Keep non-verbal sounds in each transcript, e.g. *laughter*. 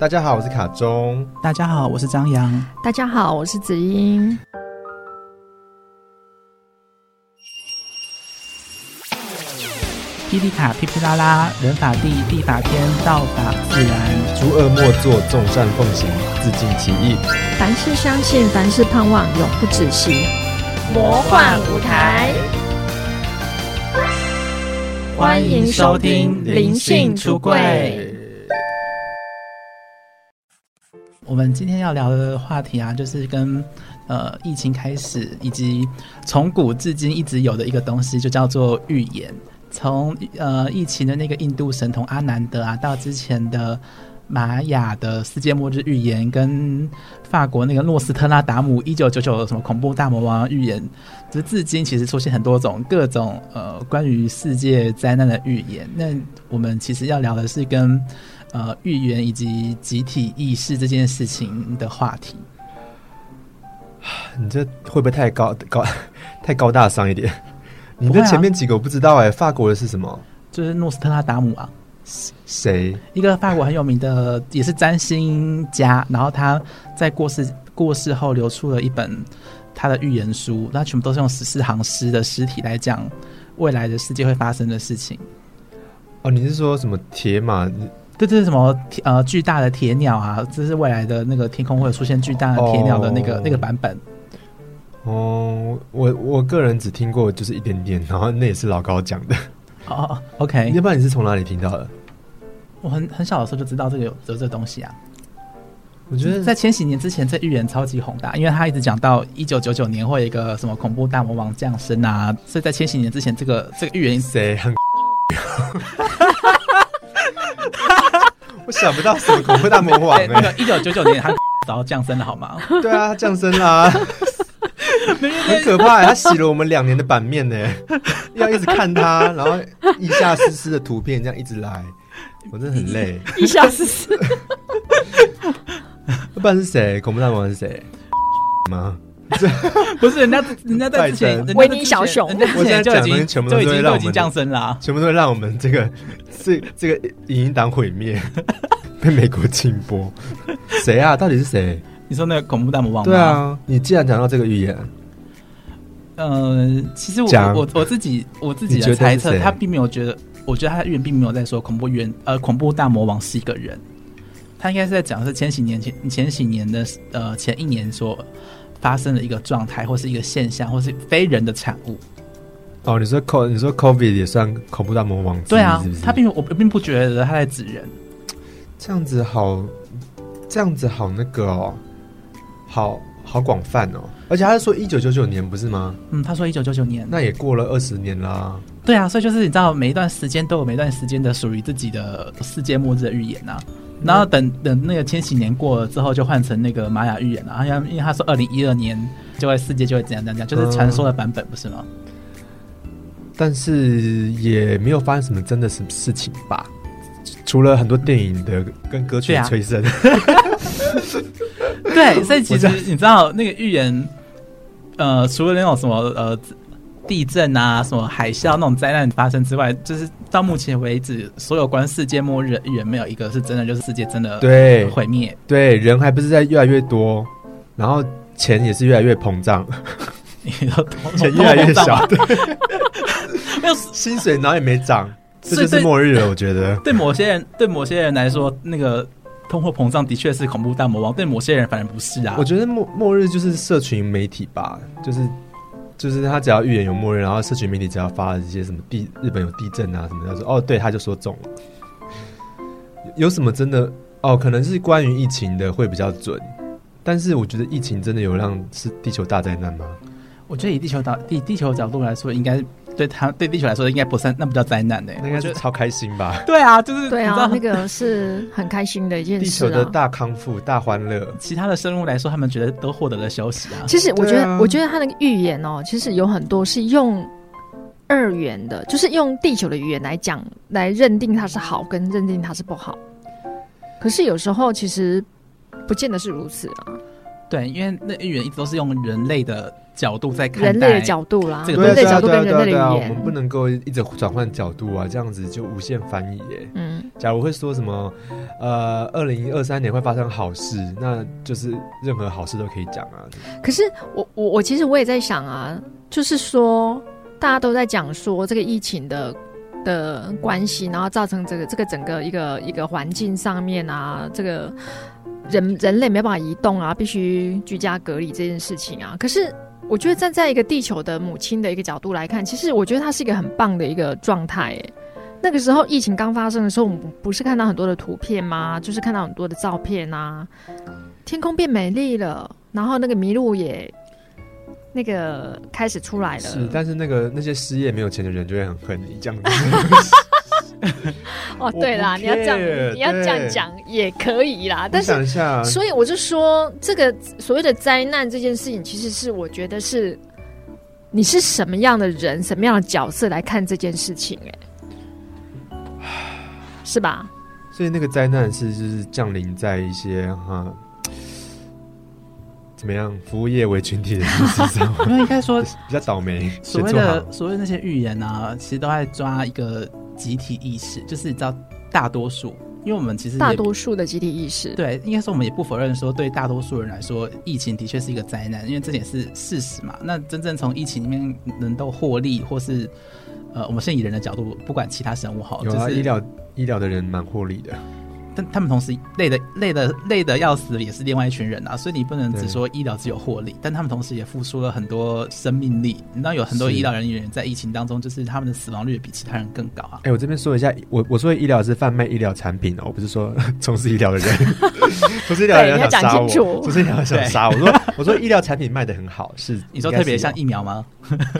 大家好，我是卡中。大家好，我是張揚。大家好，我是子英。霹靂卡霹靂拉拉、人法地，地法天，道法自然。諸惡莫作，眾善奉行，自淨其意。凡事相信，凡事盼望，永不止息。魔幻舞台，歡迎收聽《靈性出櫃》。我們今天要聊的話題啊，就是跟呃疫情開始，以及從古至今一直有的一個東西，就叫做預言。從呃疫情的那個印度神童阿南德啊，到之前的瑪雅的世界末日預言，跟法國那個諾斯特拉達姆一九九九的什麼恐怖大魔王預言，就是，至今其實出現很多種各種呃關於世界災難的預言。那我們其實要聊的是跟。呃，預言以及集體意識這件事情的話題，你這會不會太高高太高大上一點？啊、你這前面幾個我不知道哎、欸，法國的是什麼？就是諾斯特拉達姆啊。誰？一個法國很有名的，也是占星家，然後他在過世過世後，流出了一本他的預言書，那全部都是用十四行詩的詩體來講未來的世界會發生的事情。哦，你是說什麼鐵馬？這 *music* 這是什麼？呃，巨大的鐵鳥啊！這是未來的那個天空會出現巨大的鐵鳥的那個、oh, 那個版本。哦，我我個人只聽過就是一點點，然後那也是老高講的。哦哦哦，OK。 *laughs* 要不然你是從哪裡聽到的？我很很小的時候就知道這個有有這個、東西啊。我覺得在千禧年之前，這預言超級宏大，因為他一直講到一九九九年會有一個什麼恐怖大魔王降生啊，所以在千禧年之前、這個，這個這個預言誰很。 *laughs* *laughs* *laughs* 我想不到什麼恐怖大魔王哎！一九九九年他早降生了好嗎？對啊，降生啊很可怕、欸！他洗了我們兩年的版面呢、欸，要一直看他，然後一下絲絲的圖片這樣一直來，我真的很累。一下絲絲 *laughs* 不然是誰？恐怖大魔王是誰？媽？ *laughs* *laughs* *laughs* 不是人家人家在之前，維尼小熊 *laughs* 人家之前就已經全部都已經降生了，全部都會讓我們這個是這個影音黨毀滅，被美國禁播。誰啊？到底是誰？你說那個恐怖大魔王？對啊，你既然講到這個預言，嗯，其實我，我我我自己我自己的猜測，他並沒有覺得，我覺得他的預言並沒有在說恐怖預言呃恐怖大魔王是一個人，他應該是在講的是前幾年前前幾年的呃前一年說。發生的一個狀態，或是一個現象，或是非人的產物。哦，你說 “co”，你說 “COVID” 也算恐怖大魔王？是是對啊，他並我並不覺得他在指人。這樣子好，這樣子好，那個哦，好好廣泛哦。而且他是說一九九九年，不是嗎？嗯，他說一九九九年，那也過了二十年啦。對啊，所以就是你知道，每一段時間都有每一段時間的屬於自己的世界末日的預言吶、啊。然後等等，那個千禧年過了之後，就換成那個瑪雅預言了。好像因為他說二零一二年就會世界就會怎樣怎樣，就是傳說的版本，嗯、不是嗎？但是也沒有發生什麼真的是事情吧，除了很多電影的跟歌曲的催生。對，所以其實你知道那個預言，呃，除了那種什麼呃。地震啊，什麼海嘯、啊、那種災難發生之外，就是到目前為止，所有關世界末日，也沒有一個是真的，就是世界真的毀滅。對，人還不是在越來越多，然後錢也是越來越膨脹， *laughs* 錢越來越小，對 *laughs* 沒有薪水，哪也沒漲，這 *laughs* 就，就是末日了。以我覺得，對某些人，對某些人來說，那個通貨膨脹的確是恐怖大魔王，對某些人反而不是啊。我覺得末末日就是社群媒體吧，就是。就是他只要預言有默認，然後社群媒體只要發一些什麼地日本有地震啊什麼，他說哦對，他就說中了。有什麼真的哦？可能是關於疫情的會比較準，但是我覺得疫情真的有讓是地球大災難嗎？我覺得以地球大地地球角度來說，應該。對他對地球來說應該不算，那不叫災難呢、欸，哦、那應該是超開心吧？ *laughs* 對啊，就是對啊。那個是很開心的一件事，啊，情。地球的大康復、大歡樂，其他的生物來說，他們覺得都獲得了休息啊。其實我覺得，啊、我覺得他那個預言哦、喔，其實有很多是用二元的，就是用地球的語言來講，來認定它是好，跟認定它是不好。可是有時候其實不見得是如此啊。對，因為那預言一直都是用人類的。角度在看人類的角度啦，對對對對對，我們不能夠一直轉換角度啊，這樣子就無限翻譯、欸、嗯，假如會說什麼呃，二零二三年會發生好事，那就是任何好事都可以講啊。嗯、可是我我我其實我也在想啊，就是說大家都在講說這個疫情的的關係，然後造成這個這個整個一個一個環境上面啊，這個人人類沒辦法移動啊，必須居家隔離這件事情啊，可是。我覺得站在一個地球的母親的一個角度來看，其實我覺得她是一個很棒的一個狀態。誒，那個時候疫情剛發生的時候，我們不是看到很多的圖片嗎？就是看到很多的照片啊，天空變美麗了，然後那個麋鹿也那個開始出來了。是，但是那個那些失業沒有錢的人就會很恨你這樣子 *laughs* *laughs* 哦，對啦，你要這樣，對你要這樣講也可以啦。但是，所以我就說，這個所謂的災難這件事情，其實是我覺得是，你是什麼樣的人，什麼樣的角色來看這件事情，欸？ *laughs* 是吧？所以那個災難是就是降臨在一些哈怎麼樣服務業為群體的人身上，因為應該說比較倒霉。 *laughs* *laughs* 所謂的所謂的那些預言啊，其實都在抓一個。集體意識，就是你知道大多數，因為我們其實大多數的集體意識，對，應該說，我們也不否認，說對大多數人來說，疫情的確是一個災難，因為這點是事實嘛。那真正從疫情裡面能夠獲利，或是，呃，我們現在以人的角度，不管其他生物好，啊、就是醫療醫療的人蠻獲利的。但他們同時累得累得累得要死，也是另外一群人啊，所以你不能只說醫療只有獲利，對但他們同時也付出了很多生命力。你知道有很多醫療人員在疫情當中，就是他們的死亡率比其他人更高啊。哎、欸，我這邊說一下，我我說醫療是販賣醫療產品哦，我不是說從事醫療的人，從 *laughs* 事醫療的人要想殺我，從事醫療的人想殺我，對我。我說我說醫療產品賣得很好，是 *laughs* 你說特別像疫苗嗎？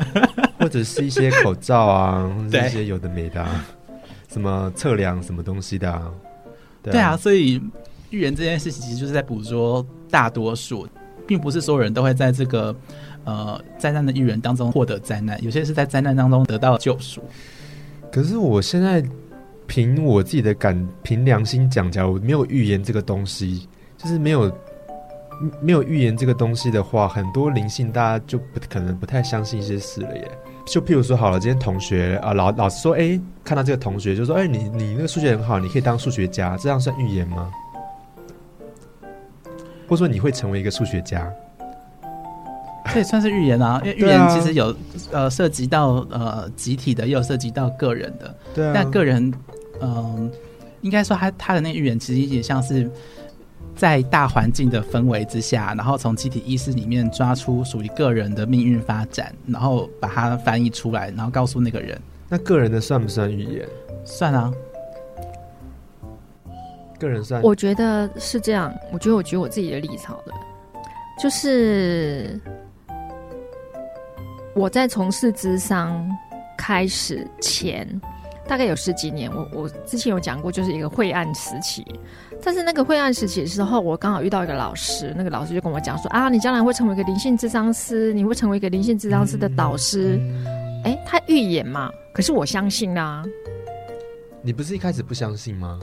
*laughs* 或者是一些口罩啊，或者是一些有的沒的、啊，對什麼測量什麼東西的、啊。對啊，所以預言這件事情其實就是在捕捉大多數，並不是所有人都會在這個，呃，災難的預言當中獲得災難。有些是在災難當中得到救贖。可是我現在憑我自己的感，憑良心講起來，我沒有預言這個東西，就是沒有沒有預言這個東西的話，很多靈性大家就不可能不太相信一些事了耶。就譬如說，好了，今天同學啊，老老師說，誒、欸，看到這個同學，就說，哎、欸，你你那個數學很好，你可以當數學家，這樣算預言嗎？或者說你會成為一個數學家？這也算是預言啊，因為預言其實有、啊、呃涉及到呃集體的，也有涉及到個人的。對、啊。但個人，嗯、呃，應該說他他的那個預言其實也像是。在大環境的氛圍之下，然後從集體意識裡面抓出屬於個人的命運發展，然後把它翻譯出來，然後告訴那個人，那個人的算不算預言？算啊，個人算。我覺得是這樣，我覺得我舉我自己的立場的，就是我在從事諮商開始前。大概有十幾年，我我之前有講過，就是一個晦暗時期。但是那個晦暗時期的時候，我剛好遇到一個老師，那個老師就跟我講說：“啊，你將來會成為一個靈性諮商師，你會成為一個靈性諮商師的導師。嗯”哎、嗯欸，他預言嘛，可是我相信啦、啊。你不是一開始不相信嗎？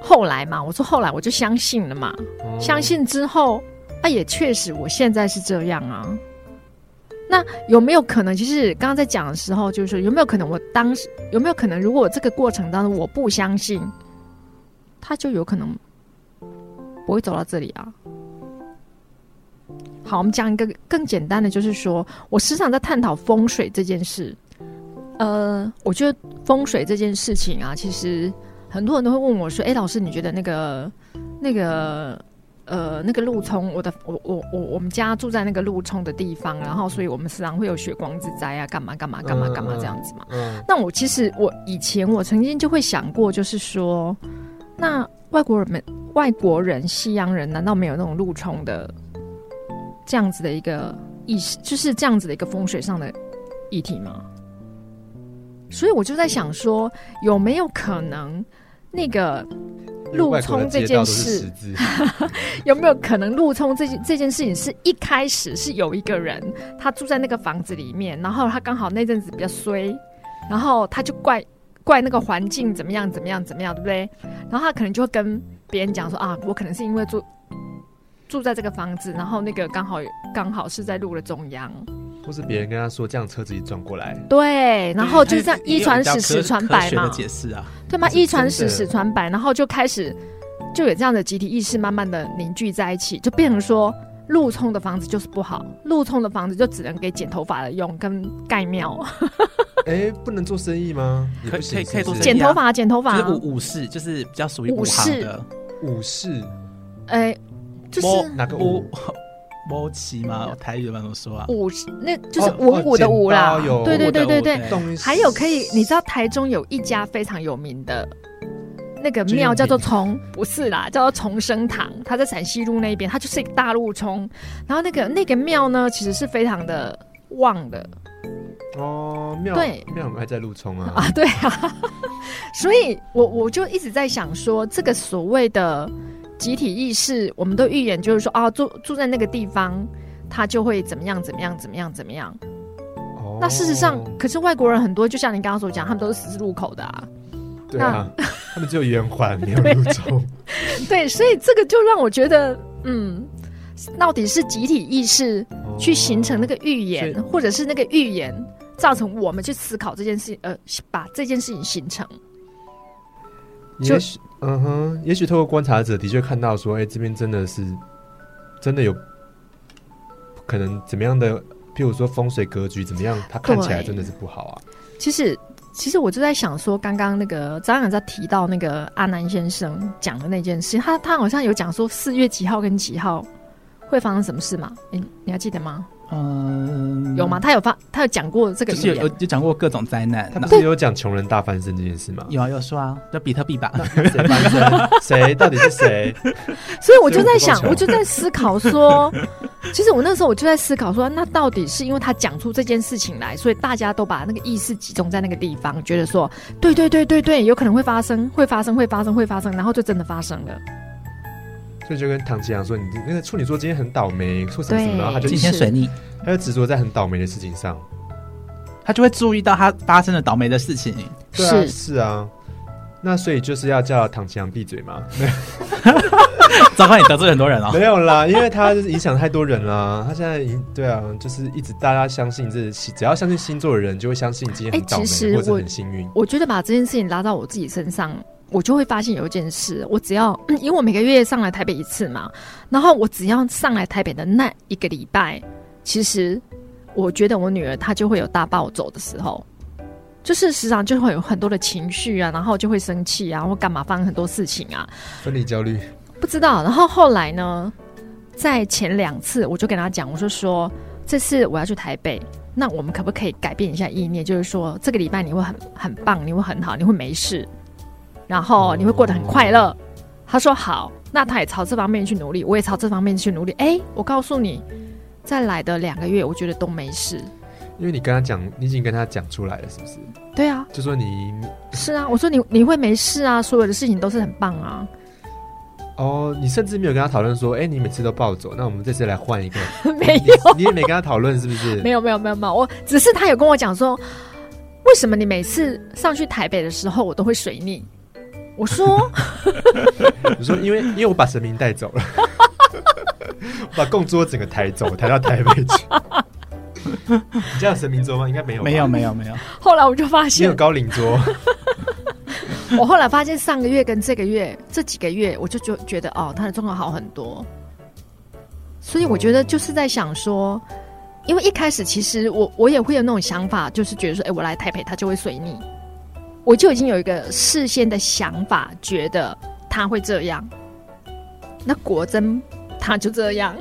後來嘛，我說後來我就相信了嘛，哦、相信之後，啊，也確實，我現在是這樣啊。那有沒有可能？其實剛剛在講的時候，就是說有沒有可能？我當時有沒有可能？如果這個過程當中我不相信，他就有可能不會走到這裡啊。好，我們講一個更簡單的，就是說我時常在探討風水這件事。呃，我覺得風水這件事情啊，其實很多人都會問我說：“哎，老師，你覺得那個那個？”呃，那個路衝，我的我我我我,我們家住在那個路衝的地方，然後所以我們時常會有血光之災啊，幹嘛幹嘛幹嘛幹嘛這樣子嘛。嗯嗯，那我其實我以前我曾經就會想過，就是說，那外國人們、外國人、西洋人，難道沒有那種路衝的這樣子的一個意，就是這樣子的一個風水上的議題嗎？所以我就在想說，有沒有可能那個？路衝這件事 *laughs* 有沒有可能？路衝這件這件事情是一開始是有一個人，他住在那個房子裡面，然後他剛好那陣子比較衰，然後他就怪怪那個環境怎麼樣怎麼樣怎麼樣，對不對？然後他可能就會跟別人講說啊，我可能是因為住住在這個房子，然後那個剛好剛好是在路的中央，或是別人跟他說這樣車子一轉過來，對，對 然後就是這樣一傳十，十傳百嗎的解釋啊對嗎？一傳十，十傳百，然後就開始就有這樣的集體意識，慢慢的凝聚在一起，就變成說，路沖的房子就是不好，路沖的房子就只能給剪頭髮的用，跟蓋廟。哎， *laughs* 不能做生意嗎？可以可以可以做剪頭髮、啊，剪頭髮、啊五。五五氏就是比較屬於五行的武士哎，就是哪個五？ *laughs* 包旗嗎？台語有蠻多說啊？武，那就是文武的武啦。對對對對對，哦、有還有可以，你知道台中有一家非常有名的那個廟叫做崇，不是啦，叫做崇生堂。它在陝西路那邊，它就是一個大路衝。然後那個那個廟呢，其實是非常的旺的。哦，廟對廟還在路衝啊啊，對啊。所以我我就一直在想說，這個所謂的。集體意識，我們都預言，就是說啊，住住在那個地方，他就會怎麼樣，怎麼樣，怎麼樣，怎麼樣。Oh. 那事實上，可是外國人很多，就像你剛剛所講，oh. 他們都是十字路口的啊。對啊，那他們只有圓環，沒有路中對。對，所以這個就讓我覺得，嗯，到底是集體意識、oh. 去形成那個預言，是或者是那個預言造成我們去思考這件事情，呃，把這件事情形成。就。嗯哼，也許透過觀察者的確看到說，哎、欸，這邊真的是，真的有，可能怎麼樣的？譬如說風水格局怎麼樣，它看起來真的是不好啊。其實，其實我就在想說，剛剛那個張陽在提到那個阿南先生講的那件事，他他好像有講說四月幾號跟幾號會發生什麼事嘛，哎、欸，你還記得嗎？嗯，有嗎？他有發，他有講過這個，就是有就講過各種災難啊。他不是有講窮人大翻身這件事嗎？對有啊，有說啊，叫比特幣吧？誰翻身？誰到底是誰？所以我就在想，我就在思考說， *laughs* 其實我那時候我就在思考說，那到底是因為他講出這件事情來，所以大家都把那個意識集中在那個地方，覺得說，對對對對對，有可能會發生，會發生，會發生，會發生，然後就真的發生了。所以就跟唐吉陽說：“你那個處女座今天很倒霉，說什麼什麼？”然後他就今天水逆，他就執着在很倒霉的事情上，他就會注意到他發生了倒霉的事情。對啊、是是啊，那所以就是要叫唐吉陽閉嘴嗎？ *laughs* *laughs* 早上也得罪很多人了、哦。沒有啦，因為他影響太多人了。他現在已經對啊，就是一直大家相信這個，只要相信星座的人，就會相信今天很倒霉的、欸、我或者很幸運。我覺得把這件事情拉到我自己身上。我就會發現有一件事，我只要，因為我每個月上來台北一次嘛，然後我只要上來台北的那一個禮拜，其實我覺得我女兒她就會有大暴走的時候，就是時常就會有很多的情緒啊，然後就會生氣啊，或幹嘛發生很多事情啊？分離焦慮？不知道。然後後來呢，在前兩次我就跟她講，我就說說，這次我要去台北，那我們可不可以改變一下意念，就是說這個禮拜你會很很棒，你會很好，你會沒事。然後你會過得很快樂，哦、他說好，那他也朝這方面去努力，我也朝這方面去努力。哎，我告訴你，再來的兩個月，我覺得都沒事，因為你跟他講，你已經跟他講出來了，是不是？對啊，就說你是啊，我說你你會沒事啊，所有的事情都是很棒啊。哦，你甚至沒有跟他討論說，哎，你每次都暴走，那我們這次來換一個，沒有，你也沒跟他討論，是不是沒？沒有，沒有，沒有，我只是他有跟我講說，為什麼你每次上去台北的時候，我都會水逆。我說， *laughs* 我說，因為因為我把神明帶走了， *laughs* 我把供桌整個抬走，抬到台北去。你家有神明桌嗎？應該沒有，沒有，沒有，沒有。後來我就發現，沒有高領桌。 *laughs* *laughs* 我後來發現，上個月跟這個月這幾個月，我就就覺得哦，他的狀況好很多。所以我覺得就是在想說，哦、因為一開始其實我我也會有那種想法，就是覺得說，誒，我來台北，他就會隨你。我就已經有一個事先的想法，覺得他會這樣。那果真他就這樣。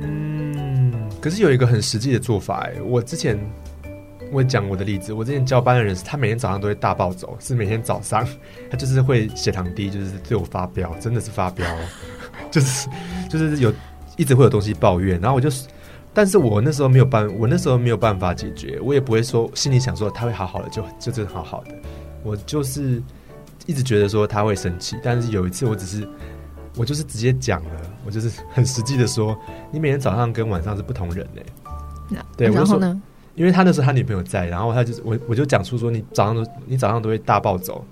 嗯，可是有一個很實際的做法哎，我之前我講我的例子，我之前交班的人，他每天早上都會大暴走，是每天早上他就是會血糖低，就是對我發飆，真的是發飆， *laughs* 就是就是有一直會有東西抱怨，然後我就。但是我那時候沒有辦，我那時候沒有辦法解決，我也不會說心裡想說他會好好的就就真的好好的，我就是一直覺得說他會生氣。但是有一次，我只是我就是直接講了，我就是很實際的說，你每天早上跟晚上是不同人嘞。啊、對，然後呢，我就說，因為他那時候他女朋友在，然後他就是，我我就講出說，你早上都你早上都會大暴走，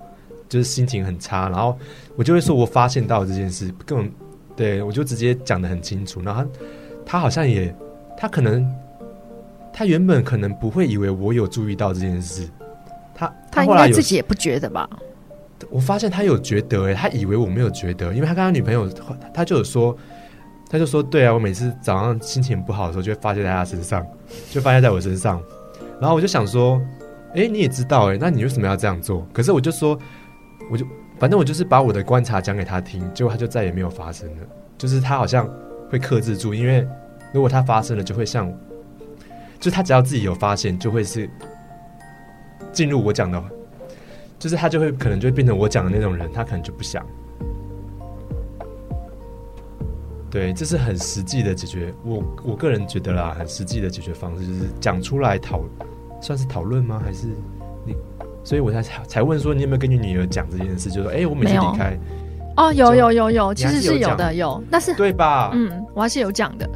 就是心情很差，然後我就會說，我發現到這件事，更對我就直接講得很清楚。然後他他好像也。他可能，他原本可能不會以為我有注意到這件事，他他，他應該自己也不覺得吧？我發現他有覺得哎，他以為我沒有覺得，因為他跟他女朋友，他就有說，他就說對啊，我每次早上心情不好的時候，就會發洩在他身上，就發洩在我身上。然後我就想說，哎，你也知道哎，那你為什麼要這樣做？可是我就說，我就反正我就是把我的觀察講給他聽，結果他就再也沒有發生了，就是他好像會克制住，因為。如果他發生了，就會像，就他只要自己有發現，就會是進入我講的，就是他就會可能就會變成我講的那種人，他可能就不想。對，這是很實際的解決。我我個人覺得啦，很實際的解決方式就是講出來討，算是討論嗎？還是你？所以我才才問說，你有沒有跟你女兒講這件事？就說、是，哎、欸，我每次離開。有就哦，有有有有，有有有其實是有的有，但是對吧？嗯，我還是有講的。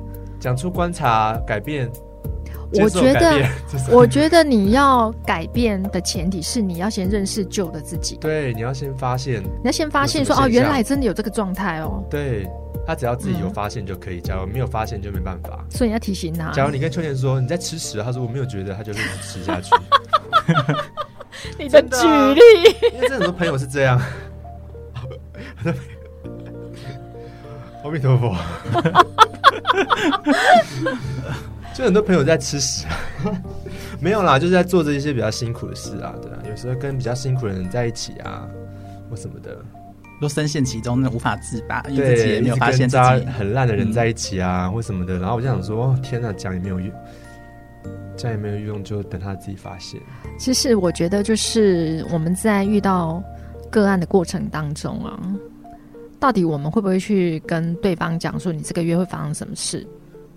想出觀察改變，改變我覺得，我覺得你要改變的前提是你要先認識舊的自己的。 *laughs* 對，你要先發現，你要先發現說哦、啊，原來真的有這個狀態哦。對他、啊、只要自己有發現就可以、嗯、假如沒有發現就沒辦法。所以你要提醒他。假如你跟秋田說你在吃屎，他說我沒有覺得，他就一直吃下去。 *laughs* *laughs* 你的舉例，啊、因為真的很多朋友是這樣。 *laughs* 阿彌陀佛。 *laughs* *laughs* 就很多朋友在吃屎、啊， *laughs* 沒有啦，就是在做着一些比較辛苦的事啊，對啊，有時候跟比較辛苦的人在一起啊，或什麼的，都深陷其中，那無法自拔，對因為自己也沒有發現自己很爛的人在一起啊，嗯、或什麼的。然後我就想說，天哪、啊，講也沒有用，這樣也沒有用，就等他自己發現。其實我覺得，就是我們在遇到個案的過程當中啊。到底我們會不會去跟對方講說你這個月會發生什麼事？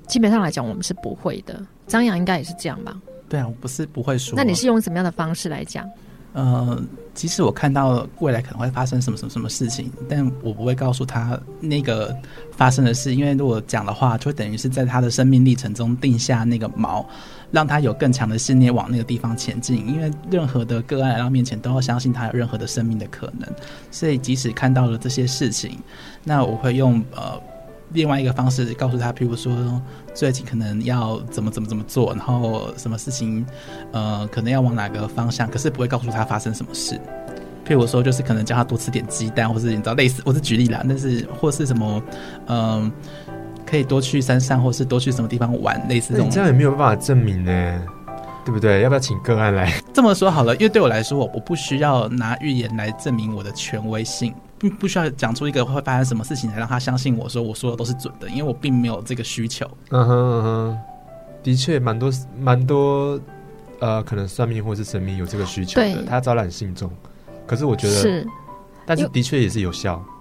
基本上來講，我們是不會的。張揚應該也是這樣吧？對啊，我不是不會說。那你是用什麼樣的方式來講？呃，即使我看到未來可能會發生什麼什麼什麼事情，但我不會告訴他那個發生的事，因為如果講的話，就等於是在他的生命歷程中定下那個錨。讓他有更強的信念往那個地方前進，因為任何的個案來到面前都要相信他有任何的生命的可能，所以即使看到了這些事情，那我會用呃另外一個方式告訴他，譬如說最近可能要怎麼怎麼怎麼做，然後什麼事情呃可能要往哪個方向，可是不會告訴他發生什麼事。譬如說就是可能叫他多吃點雞蛋，或是你知道類似，我是舉例啦，但是或是什麼嗯。呃可以多去山上，或是多去什麼地方玩，類似這種。你這樣也沒有辦法證明呢，對不對？要不要請個案來這麼說好了？因為對我來說，我不需要拿預言來證明我的權威性，不需要講出一個會發生什麼事情來讓他相信我說我說的都是準的，因為我並沒有這個需求。嗯哼嗯哼，的確蠻多蠻多呃，可能算命或是神明有這個需求的，他招攬信眾。可是我覺得是，但是的確也是有效。有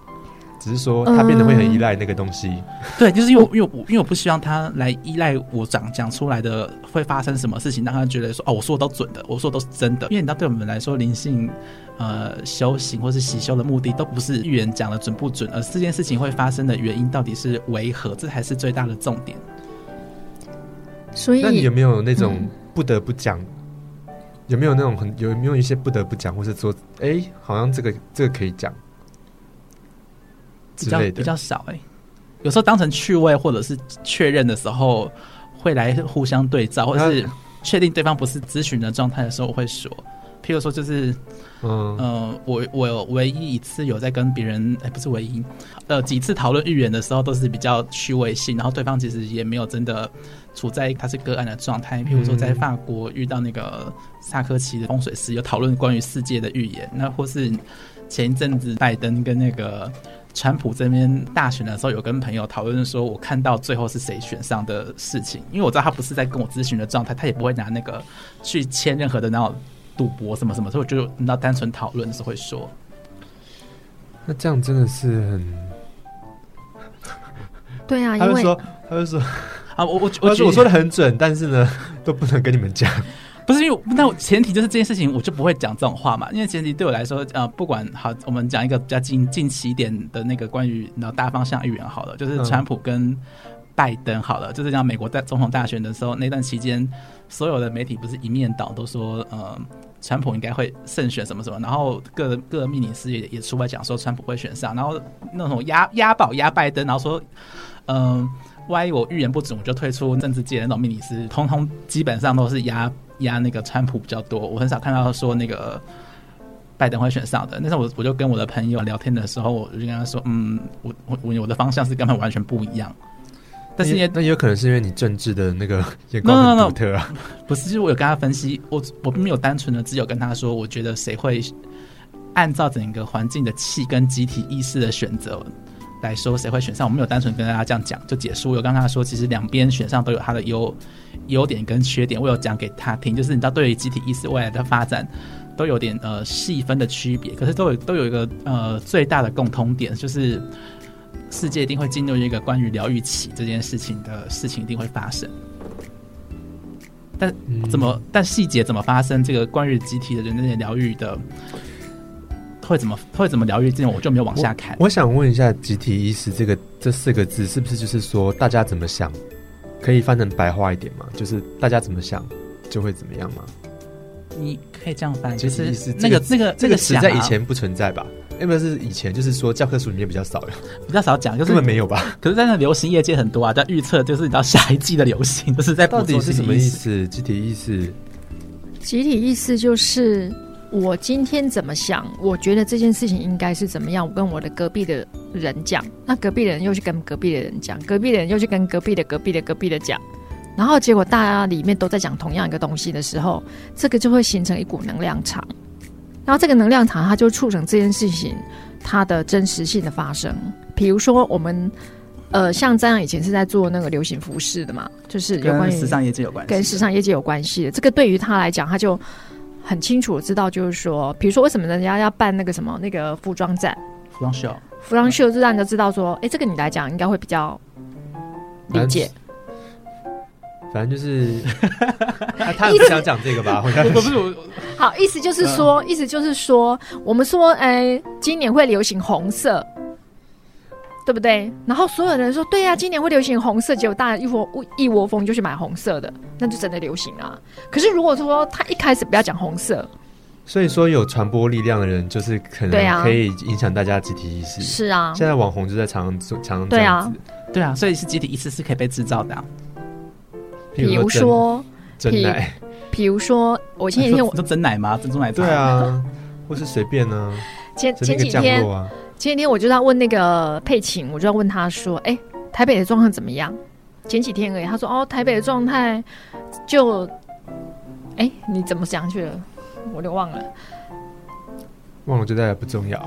只是說他變得會很依賴那個東西，嗯、 *laughs* 對，就是因為因為我因為我不希望他來依賴我講講出來的會發生什麼事情，讓他覺得說哦，我說的都準的，我說的都是真的。因為你知道，對我們來說，靈性呃修行或是習修的目的，都不是預言講的準不準，而這件事情會發生的原因到底是為何，這才是最大的重點。所以，那你有沒有那種不得不講？嗯、有沒有那種很有沒有一些不得不講，或是說，哎、欸，好像這個這個可以講？比較比較少哎、欸，有時候當成趣味或者是確認的時候，會來互相對照，或者是確定對方不是諮詢的狀態的時候，我會說，譬如說就是，嗯，呃、我我唯一一次有在跟別人，哎、欸，不是唯一，呃，幾次討論預言的時候，都是比較趣味性，然後對方其實也沒有真的處在他是個案的狀態。譬如說，在法國遇到那個薩科奇的風水師，有討論關於世界的預言，那或是前一陣子拜登跟那個。川普這邊大選的時候，有跟朋友討論說，我看到最後是誰選上的事情，因為我知道他不是在跟我諮詢的狀態，他也不會拿那個去簽任何的那種賭博什麼什麼，所以我就那單純討論是會說。那這樣真的是很。對呀、啊，因為他就說，他就說啊，我我我說我說的很準，但是呢，都不能跟你們講。不是因為，那我前提就是這件事情我就不會講這種話嘛，因為前提對我來說，呃，不管好，我們講一個比較近近期一點的那個關於然後大方向預言好了，就是川普跟拜登好了，就是講美國在總統大選的時候那段期間，所有的媒體不是一面倒都說，呃，川普應該會勝選什麼什麼，然後各各命理師也也出來講說川普會選上，然後那種押押寶押拜登，然後說，嗯，萬一我預言不準，我就退出政治界的那種命理師通通基本上都是押。壓那個川普比較多，我很少看到他說那個拜登會選上的。但是我我就跟我的朋友聊天的時候，我就跟他說：“嗯，我我我我的方向是跟他完全不一樣。欸”但是也那也有可能是因為你政治的那個眼光很獨特啊。No, no, no, no. 不是，就是我有跟他分析，我我並沒有單純的只有跟他說，我覺得誰會按照整個環境的氣跟集體意識的選擇來說誰會選上？我沒有單純跟大家這樣講就解說。我剛才說，其實兩邊選上都有他的優優點跟缺點。我有講給他聽，就是你知道，對於集體意識未來的發展，都有點呃細分的區別。可是都有都有一個呃最大的共通點，就是世界一定會進入一個關於療癒期這件事情的事情一定會發生。但怎麼？但細節怎麼發生？這個關於集體的人的療癒的。會怎麼會怎麼療癒？這種我就沒有往下看。我想問一下，集體意識這個這四個字是不是就是說大家怎麼想？可以翻成白話一點嗎？就是大家怎麼想，就會怎麼樣嗎？你可以這樣翻。其實意思這、那個這個這個，實、那個、在以前不存在吧？啊、因為是以前就是說教科書裡面比較少，比較少講，就是沒有吧？可是在那流行業界很多啊，在預測就是你知道下一季的流行，不、就是在到底是什麼意思？集體意識，集體意識就是。我今天怎麼想？我覺得這件事情應該是怎麼樣？我跟我的隔壁的人講，那隔壁的人又去跟隔壁的人講，隔壁的人又去跟隔壁的、隔壁的、隔壁的講，然後結果大家裡面都在講同樣一個東西的時候，這個就會形成一股能量場，然後這個能量場它就促成這件事情它的真實性的發生。比如說我們，呃，像這樣以前是在做那個流行服飾的嘛，就是有關於時尚業界有關係，跟時尚業界有關係的。這個對於他來講，他就。很清楚知道，就是說，比如說，為什麼人家要辦那個什麼那個服裝展？服裝秀。服裝秀，就讓人家知道說，哎、欸，這個你來講應該會比較理解。反正就是， *laughs* 他他不想講這個吧？意思我不是我。 *laughs* 好，意思就是說，呃、意思就是說，我們說，哎、欸，今年會流行紅色。對不對？然後所有人說：“對呀、啊，今年會流行紅色。”結果大家一窩一窩蜂就去買紅色的，那就真的流行啊。可是如果說他一開始不要講紅色，所以說有傳播力量的人就是可能可以影響大家的集體意識。是啊，現在網紅就在常常常對啊，對啊，所以是集體意識是可以被製造的、啊。比如說，珍奶比，比如說我前幾天，天我、啊、就珍奶嗎？珍珠奶茶？對啊， *laughs* 或是隨便呢、啊？前、啊、前幾天前幾天我就在問那個姵晴，我就在問他說：“哎、欸，台北的狀況怎麼樣？”前幾天而已，他說：“哦，台北的狀態就……哎、欸，你怎麼想去了？我就忘了，忘了就再也不重要。”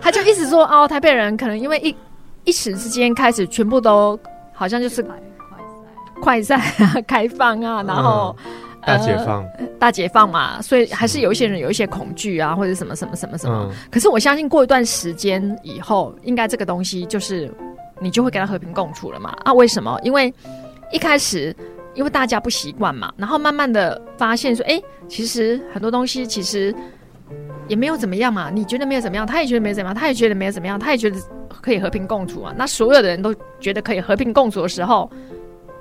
他 *laughs* 就一直說：“哦，台北人可能因為一一時之間開始全部都好像就是快篩啊，開放啊，然後。嗯”大解放，呃，大解放嘛，所以還是有一些人有一些恐懼啊，或者什麼什麼什麼什麼。嗯，可是我相信，過一段時間以後，應該這個東西就是你就會跟他和平共處了嘛。啊，為什麼？因為一開始因為大家不習慣嘛，然後慢慢的發現說，哎，欸，其實很多東西其實也沒有怎麼樣嘛。你覺得沒有怎麼樣，他也覺得沒有怎麼樣，他也覺得沒有怎麼樣，他也覺得可以和平共處啊。那所有的人都覺得可以和平共處的時候，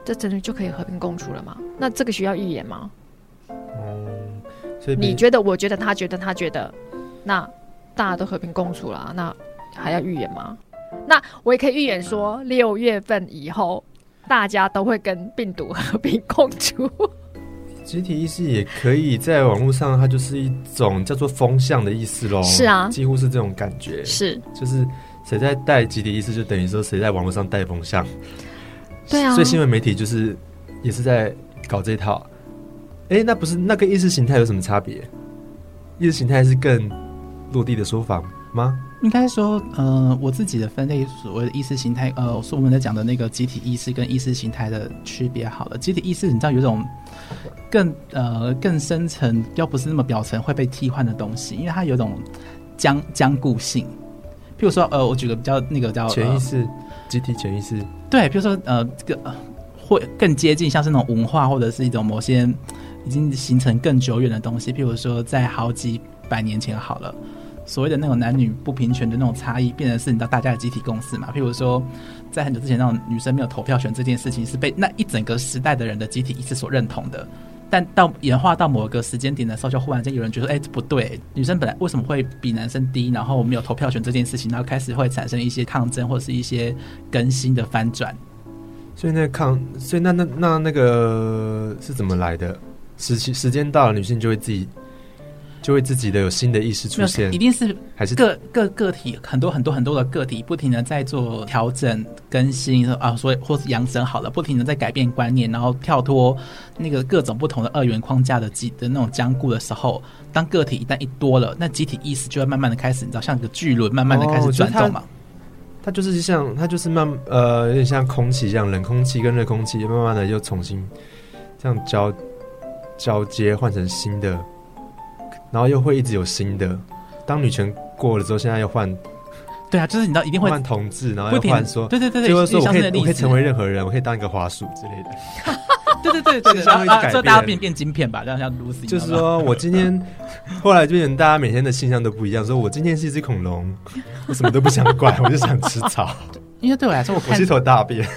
這真的就可以和平共處了嗎？那這個需要預言嗎？嗯，所以你覺得，我覺得，他覺得，他覺得，那大家都和平共處了，那還要預言嗎？那我也可以預言說，嗯、六月份以後，大家都會跟病毒和平共處。集體意識也可以在網絡上，它就是一種叫做風向的意思嘍。是啊，幾乎是這種感覺。是，就是誰在帶集體意識，就等於說誰在網絡上帶風向。對啊，所以新聞媒體就是，也是在搞這一套。哎、欸，那不是那個意識形態有什麼差別？意識形態是更落地的說法嗎？應該說，呃，我自己的分類，所謂的意識形態，呃，是我們在講的那個集體意識跟意識形態的區別好了。集體意識你知道有一種更呃更深層，又不是那麼表層會被替換的東西，因為它有一種僵僵固性。譬如說，呃，我舉個比較那個叫潛意識，集體潛意識。對，比如說，呃，這個會更接近像是那種文化或者是一種某些已經形成更久遠的東西。譬如說，在好幾百年前，好了，所謂的那種男女不平權的那種差異，變成是你知道大家的集體共識嘛？譬如說，在很久之前，那種女生沒有投票權這件事情，是被那一整個時代的人的集體意識所認同的。但到演化到某個時間點的時候，就忽然間有人覺得說，哎、欸，這不對，女生本來為什麼會比男生低？然後我們有投票權這件事情，然後開始會產生一些抗爭或者是一些更新的翻轉。所以那抗，所以那那那那個是怎麼來的？時時間到了，女性就會自己。就會自己的有新的意識出現，一定是還是各個個體很多很多很多的個體不停的在做調整更新，啊，所以或是養成好了，不停的在改變觀念，然後跳脫那個各種不同的二元框架的集的那種僵固的時候，當個體一旦一多了，那集體意識就會慢慢的開始，你知道，像一個巨輪慢慢的開始轉動嘛。哦。它就是像它就是慢呃，有點像空氣一樣，冷空氣跟熱空氣慢慢的又重新這樣交交接換成新的。然後又會一直有新的，當女權過了之後，現在又換。對啊，就是你知道一定會換同志，然後又換說，對對對對，就是說我可以我可以成為任何人，我可以當一個花束之類的。對對對對，說大便變變晶片吧，像像 Lucy。就是說我今天後來就大家每天的性向都不一樣，說我今天是一隻恐龍，我什麼都不想管，我就想吃草。因為對我來說，我不是坨大便。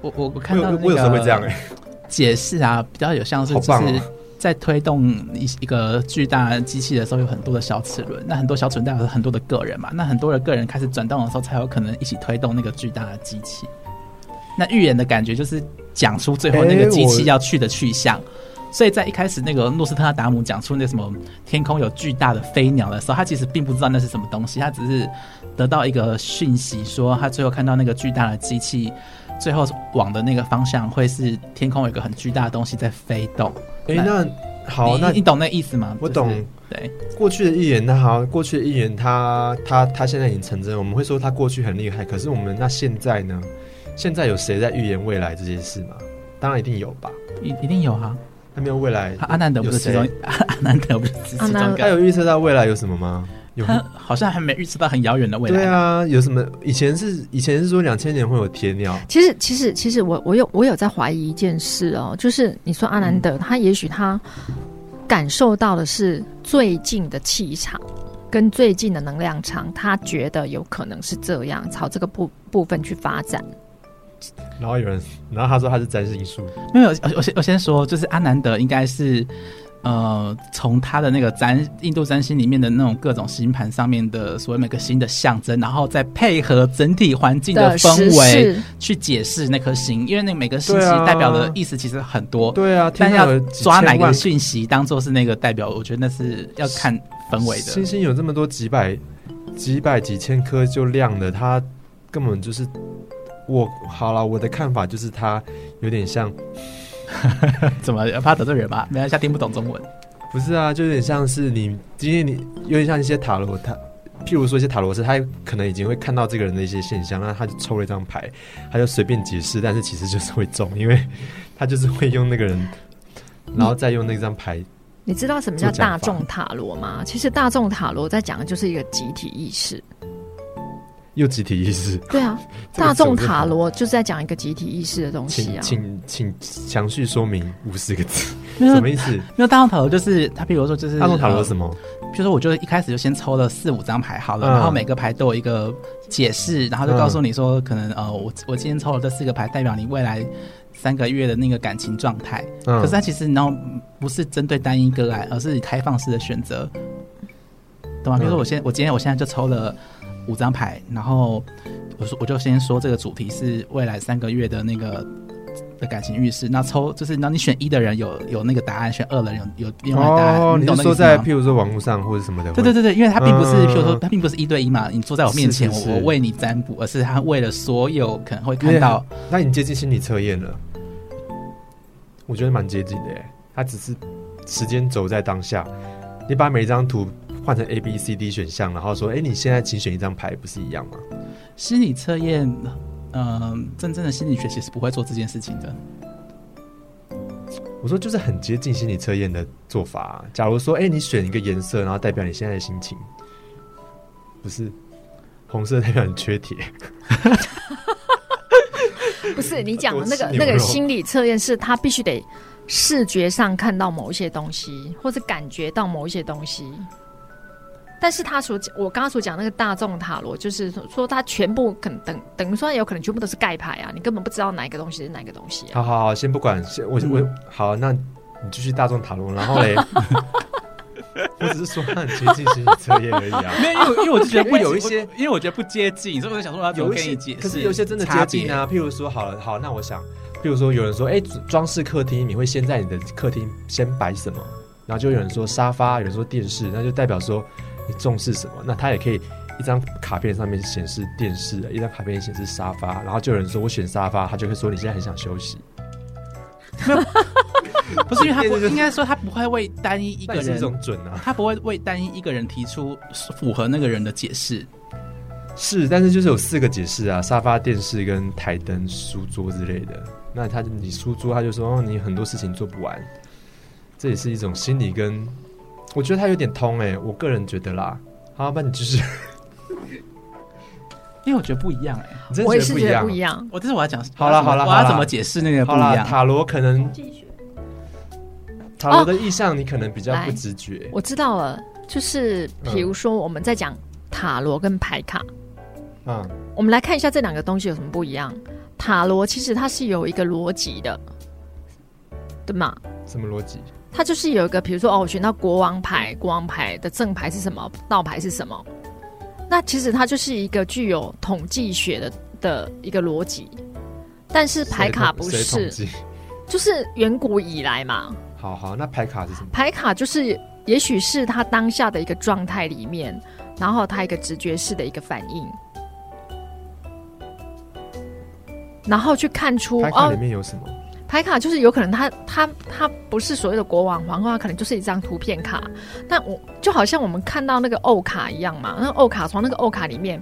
我我我看到為什麼會這樣哎？解釋啊，比較有像是就在推動一一個巨大的機器的時候，有很多的小齒輪，那很多小齒輪代表很多的個人嘛，那很多的個人開始轉動的時候，才有可能一起推動那個巨大的機器。那預言的感覺就是講出最後那個機器要去的去向，欸、所以在一開始那個諾斯特拉達姆講出那什麼天空有巨大的飛鳥的時候，他其實並不知道那是什麼東西，他只是得到一個訊息說，他最後看到那個巨大的機器最後往的那個方向會是天空有一個很巨大的東西在飛動。哎、欸，那好，那你，你懂那意思嗎？就是、我懂。對，過去的預言，那好，過去的預言，他他他現在已經成真了。我們會說他過去很厲害，可是我們那現在呢？現在有誰在預言未來這件事嗎？當然一定有吧，一一定有哈、啊。他沒有未來、啊，阿南德不是其中，阿阿誰、啊、南德不是其中一個，他、啊啊、有預測到未來有什麼嗎？有，好像還沒預測到很遙遠的未來。對啊，有什麼？以前是以前是說兩千年會有天鳥。其實其實其實我我有我有在懷疑一件事哦、喔，就是你說阿南德、嗯、他也許他感受到的是最近的氣場跟最近的能量場，他覺得有可能是這樣朝這個部部分去發展。然後有人，然後他說他是占星術。沒有，我先我,我先說，就是阿南德應該是。呃，從他的那個占印度占星裡面的那種各種星盤上面的所謂每個星的象徵，然後再配合整體環境的氛圍去解釋那顆星，因為那個每個星代表的意思其實很多。對啊，但要抓哪個訊息當做是那個代表，啊、我覺得那是要看氛圍的。星星有這麼多幾百、幾百、幾千顆就亮了，它根本就是，我，好了，我的看法就是它有點像。 *laughs* 怎麼怕得罪人吧？沒一下，聽不懂中文， *laughs* 不是啊，就有點像是你，因為你有點像一些塔羅，他譬如說一些塔羅師，他可能已經會看到這個人的一些現象，那他就抽了一張牌，他就隨便解釋，但是其實就是會中，因為他就是會用那個人，然後再用那張牌你。你知道什麼叫大眾塔羅嗎？其實大眾塔羅在講的就是一個集體意識。又集體意識？對啊，大眾塔羅就是在講一個集體意識的東西啊。請請詳細說明五十個字，有什麼意思？沒有大眾塔羅，就是他，比如說，就是大眾塔羅什麼？就、呃、說我就一開始就先抽了四五張牌，好了，嗯、然後每個牌都有一個解釋，然後就告訴你說，可能呃，我我今天抽了這四個牌，代表你未來三個月的那個感情狀態。嗯、可是他其實然後不是針對單一個案，而是開放式的選擇，懂嗎？比如說我現我今天我現在就抽了。五張牌，然後我說我就先說這個主題是未來三個月的那個的感情預示。那抽就是，那你選一的人有有那個答案，選二的人有有另外答案。哦、你懂哦，你說在，譬如說網絡上或者什麼的。對對對對，因為它並不是，嗯、譬如說它並不是一對一嘛，你坐在我面前，是是是我，我為你占卜，而是他為了所有可能會看到。那你接近心理測驗了，我覺得蠻接近的耶。他只是時間軸在當下，你把每一張圖。換成 A B C D 選項，然後說：“哎、欸，你現在請選一張牌，不是一樣嗎？”心理測驗，嗯、呃，真正的心理學其實不會做這件事情的。我說就是很接近心理測驗的做法、啊。假如說，哎、欸，你選一個顏色，然後代表你現在的心情，不是紅色代表你缺鐵？ *laughs* *laughs* 不是你講的 *laughs* 那個那個心理測驗，是他必須得視覺上看到某一些東西，或者感覺到某一些東西。但是他所講，我剛剛所講的那個大眾塔羅，就是說他全部可能等，等於說有可能全部都是蓋牌啊，你根本不知道哪一個東西是哪一個東西、啊。好，好，好，先不管，先我、嗯、我好，那你就去大眾塔羅，然後嘞， *laughs* *laughs* 我只是說接近心理測驗而已啊。沒有，因為，因為我覺得不有一些，因為我覺得不接近，所以我想說我可以有一些，可是有些真的接近啊。別譬如說，好了，好，那我想，譬如說有人說，哎，裝飾客廳，你會先在你的客廳先擺什麼？然後就有人說沙發，有人說電視，那就代表說。你重視什麼？那他也可以一張卡片上面顯示電視，一張卡片顯示沙發，然後就有人說我選沙發，他就會說你現在很想休息。 *laughs* 不是因為他不 *laughs* 應該說他不會為單一一個人，但也是一種準啊，他不會為單一一個人提出符合那個人的解釋。是，但是就是有四個解釋啊，沙發、電視跟檯燈、書桌之類的。那他你書桌，他就說、哦、你很多事情做不完，這也是一種心理跟。我覺得他有點通哎、欸，我個人覺得啦。好，那你就是， *laughs* 因為我覺得不一樣哎、欸，真的樣我也是覺得不一樣。我這是我要講好了好了，我要怎麼，要怎麼解釋那個不一樣？塔羅可能，續塔羅的意向你可能比較不直覺。哦、我知道了，就是比如說我們在講塔羅跟牌卡，嗯，我們來看一下這兩個東西有什麼不一樣。塔羅其實它是有一個邏輯的，對嗎？什麼邏輯？它就是有一個，比如說哦，我選到國王牌，國王牌的正牌是什麼，倒牌是什麼？那其實它就是一個具有統計學的的一個邏輯，但是牌卡不是，就是遠古以來嘛。好好，那牌卡是什麼？牌卡就是，也許是它當下的一個狀態裡面，然後它一個直覺式的一個反應，然後去看出，牌卡裡面有什麼。啊牌卡就是有可能，它它它不是所謂的國王、皇後，它可能就是一張圖片卡。但我就好像我們看到那個歐卡一樣嘛，那歐卡從那個歐卡裡面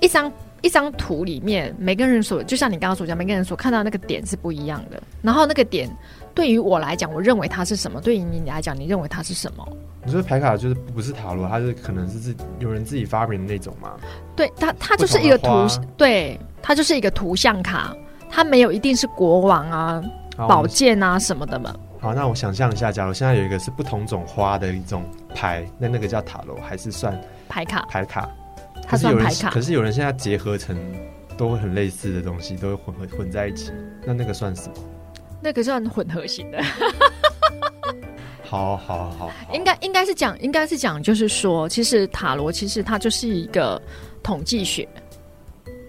一張一張圖裡面，每個人所就像你剛剛所講，每個人所看到那個點是不一樣的。然後那個點對於我來講，我認為它是什麼？對於你來講，你認為它是什麼？你說牌卡就是不是塔羅，它就是可能是自有人自己發明的那種嘛？對，它它就是一個圖，對，它就是一個圖像卡。它沒有一定是國王啊、寶劍好啊我什麼的嘛。好，那我想象一下，假如現在有一個是不同種花的一種牌，那那個叫塔羅還是算牌卡？牌卡。它卡是有人，卡可是有人現在結合成都很類似的東西，都會混合混在一起。那那個算什麼？那個算混合型的。 *laughs* 好好好，好應，應該應該是講，應該是講，就是說，其實塔羅其實它就是一個統計學。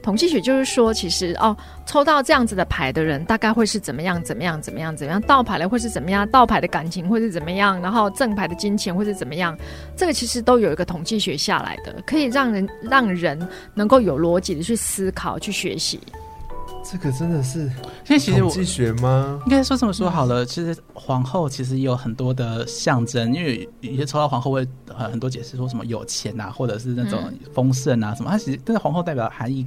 統計學就是說，其實哦，抽到這樣子的牌的人，大概會是怎麼樣？怎麼樣？怎麼樣？怎麼樣？倒牌了，會是怎麼樣？倒牌的感情，會是怎麼樣？然後正牌的金錢，會是怎麼樣？這個其實都有一個統計學下來的，可以讓人讓人能夠有邏輯的去思考、去學習。這個真的是因為其實統計學嗎？應該說這麼說好了，嗯、其實皇後其實也有很多的象徵，因為有些抽到皇後會、呃、很多解釋，說什麼有錢啊，或者是那種豐盛啊什麼。它、嗯啊、其實但是皇后代表含義。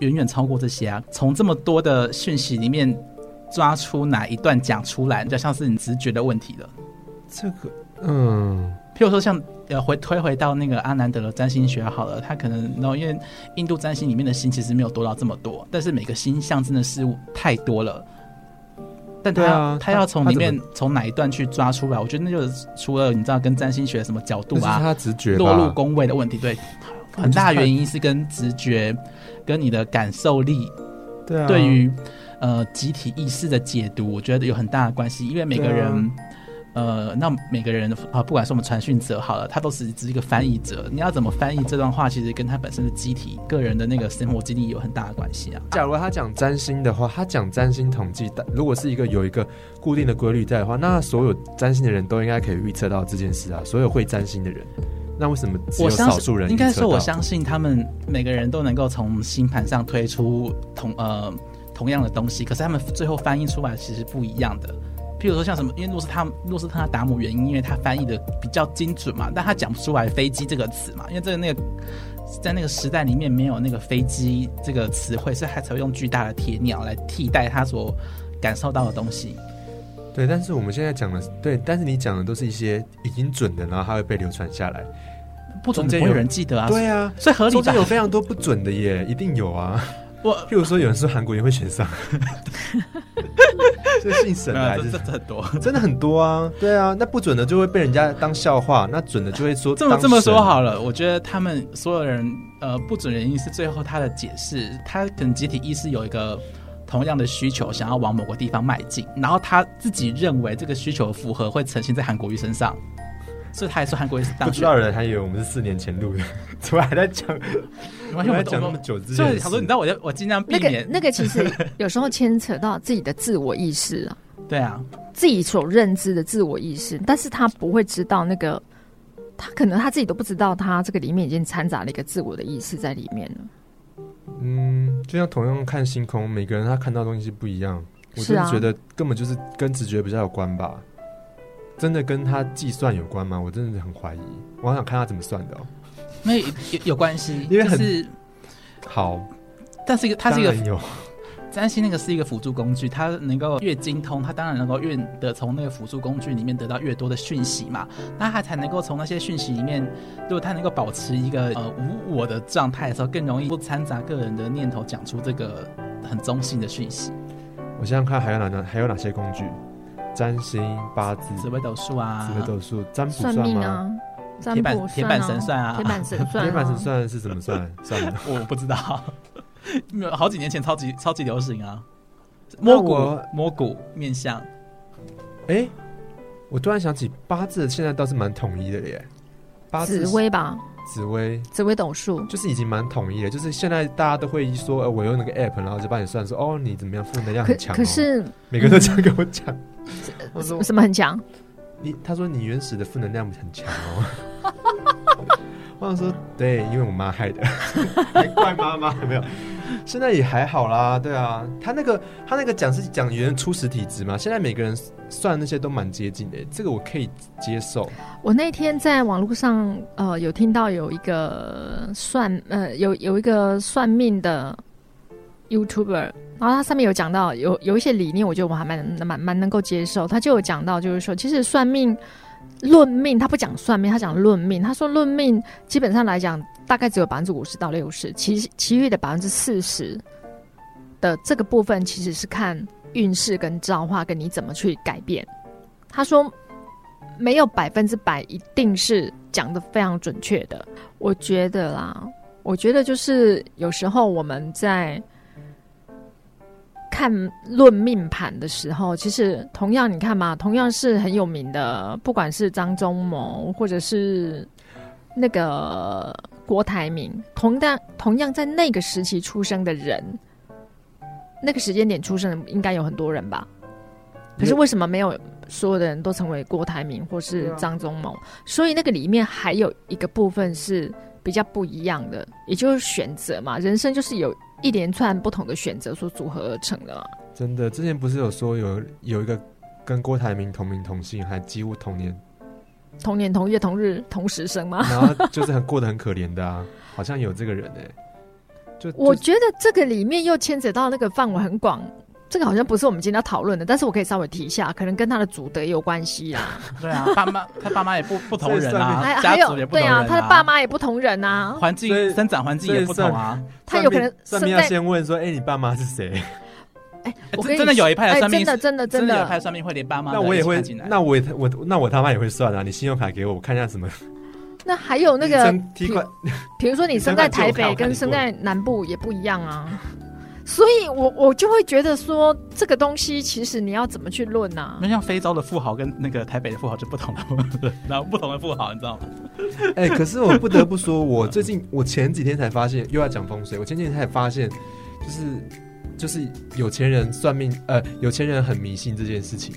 遠遠超過這些啊，從這麼多的訊息裡面抓出哪一段講出來，就像是你直覺的問題了。這個，嗯，譬如說像呃，回推回到那個阿南德的占星學好了，他可能然後因為印度占星裡面的星其實沒有多到這麼多，但是每個星象真的事物太多了。但他、啊、他要從裡面從哪一段去抓出來？我覺得那就是除了你知道跟占星學什麼角度啊，是他直覺落入宮位的問題，對，很大原因是跟直覺。跟你的感受力，對啊，對於呃集體意識的解讀，我覺得有很大的關係。因為每個人，啊、呃，那每個人的啊，不管是我們傳訊者好了，他都是只是一個翻譯者。嗯、你要怎麼翻譯這段話，其實跟他本身的集體、個人的那個生活經歷有很大的關係啊。假如他講占星的話，他講占星統計，但如果是一個有一個固定的規律在的話，那所有占星的人都應該可以預測到這件事啊。所有會占星的人。那為什麼只有少數人？應該說，我相信他們每個人都能夠從星盤上推出同呃同樣的東西，可是他們最後翻譯出來其實不一樣的。譬如說，像什麼，因為諾斯他諾斯特拉達姆原因，因為他翻譯的比較精準嘛，但他講不出來“飛機”這個詞嘛，因為這個那個在那個時代裡面沒有那個“飛機”這個詞彙，所以他才會用巨大的鐵鳥來替代他所感受到的東西。對，但是我們現在講的，對，但是你講的都是一些已經準的，然後它會被流傳下來，不準的有人記得啊？對啊，所以合理。中間有非常多不準的耶，一定有啊。我譬如說，有人說韓國也會選上、啊是，這姓沈的，真的很多，真的很多啊。對啊，那不準的就會被人家當笑話，那準的就會說這麼這麼說好了。我覺得他們所有人，呃，不準原因是最後他的解釋，他可能集體意識有一個。同樣的需求想要往某個地方邁進，然後他自己認為這個需求符合，會呈現在韓國瑜身上，所以他還說韓國瑜是當選。不知道人，他以為我們是四年前錄的，怎麼還在講？完全沒講那麼久，就是想說，你知道我，我我盡量避免那個，那個其實有時候牽扯到自己的自我意識啊， *laughs* 對啊，自己所認知的自我意識，但是他不會知道那個，他可能他自己都不知道，他這個裡面已經摻雜了一個自我的意識在裡面了。嗯，就像同樣看星空，每個人他看到的東西不一樣。我就是覺得根本就是跟直覺比較有關吧，是啊、真的跟他計算有關嗎？我真的很懷疑，我好想看他怎麼算的、哦。沒有，有，有關係， *laughs* 因為很、就是、好，但是一個他是一個。當然有 *laughs* 占星那個是一個輔助工具，它能夠越精通，它當然能夠越得從那個輔助工具裡面得到越多的訊息嘛。那他才能夠從那些訊息裡面，如果他能夠保持一個呃無我的狀態的時候，更容易不摻雜個人的念頭，講出這個很中性的訊息。我想想看，還有哪哪，還有哪些工具？占星、八字、紫微斗數啊，紫微斗數、占卜算命嗎？鐵、啊、板鐵板神算啊，鐵板神算、啊，鐵板神算是怎麼算？ *laughs* 算了，我不知道。沒有， *laughs* 好幾年前超級超級流行啊！摸骨摸骨面相。哎、欸，我突然想起八字，現在倒是蠻統一的咧。八字紫微吧，紫微微紫微斗數，就是已經蠻統一了。就是現在大家都會說，呃，我用那個 App，然後就幫你算說，哦，你怎麼樣，負能量很強、哦。可是每個人都這樣跟我講，嗯、 *laughs* 我說什麼很強？你他說你原始的負能量很強。哦。 *laughs* 我想說，對，因為我媽害的， *laughs* 還怪媽媽有沒有？現在也還好啦，對啊，他那個他那個講是講原初始體質嘛，現在每個人算那些都蠻接近的，這個我可以接受。我那天在網路上呃有聽到有一個算呃有有一個算命的 YouTuber，然後他上面有講到有有一些理念，我覺得我還蠻蠻蠻能夠接受。他就有講到就是說，其實算命。論命，他不講算命，他講論命。他說論命基本上來講，大概只有百分之五十到六十，其其餘的百分之四十的這個部分，其實是看運勢跟造化，跟你怎麼去改變。他說沒有百分之百一定是講得非常準確的。我覺得啦，我覺得就是有時候我們在。看論命盤的時候，其實同樣你看嘛，同樣是很有名的，不管是張忠謀或者是那個郭台銘，同當同樣在那個時期出生的人，那個時間點出生的應該有很多人吧？可是為什麼沒有所有的人都成為郭台銘或是張忠謀？所以那個裡面還有一個部分是比較不一樣的，也就是選擇嘛，人生就是有。一連串不同的選擇所組合而成的。真的，之前不是有說有有一個跟郭台銘同名同姓，還幾乎同年、同年同月同日同時生嗎？然後就是很過得很可憐的啊， *laughs* 好像有這個人哎、欸，就我覺得這個裡面又牽扯到那個範圍很廣。這個好像不是我們今天要討論的，但是我可以稍微提一下，可能跟他的祖德也有關係啊。對啊，爸媽他爸媽也不不同人啊，家族也不同人啊。對啊，他的爸媽也不同人啊，環境生長環境也不同啊。他有可能算命要先問說，哎，你爸媽是誰？哎，真的有一派算命，真的真的真的有一派算命會連爸媽。那我也會，那我我那我他媽也會算啊！你信用卡給我，我看一下怎麼。那還有那個，譬如說你生在台北跟生在南部也不一樣啊。所以我，我我就會覺得說，這個東西其實你要怎麼去論呢？那像非洲的富豪跟那個台北的富豪就不同了 *laughs* ，那不同的富豪，你知道嗎？哎，可是我不得不說，我最近我前幾天才發現又要講風水。我前幾天才發現，就是就是有錢人算命，呃，有錢人很迷信這件事情，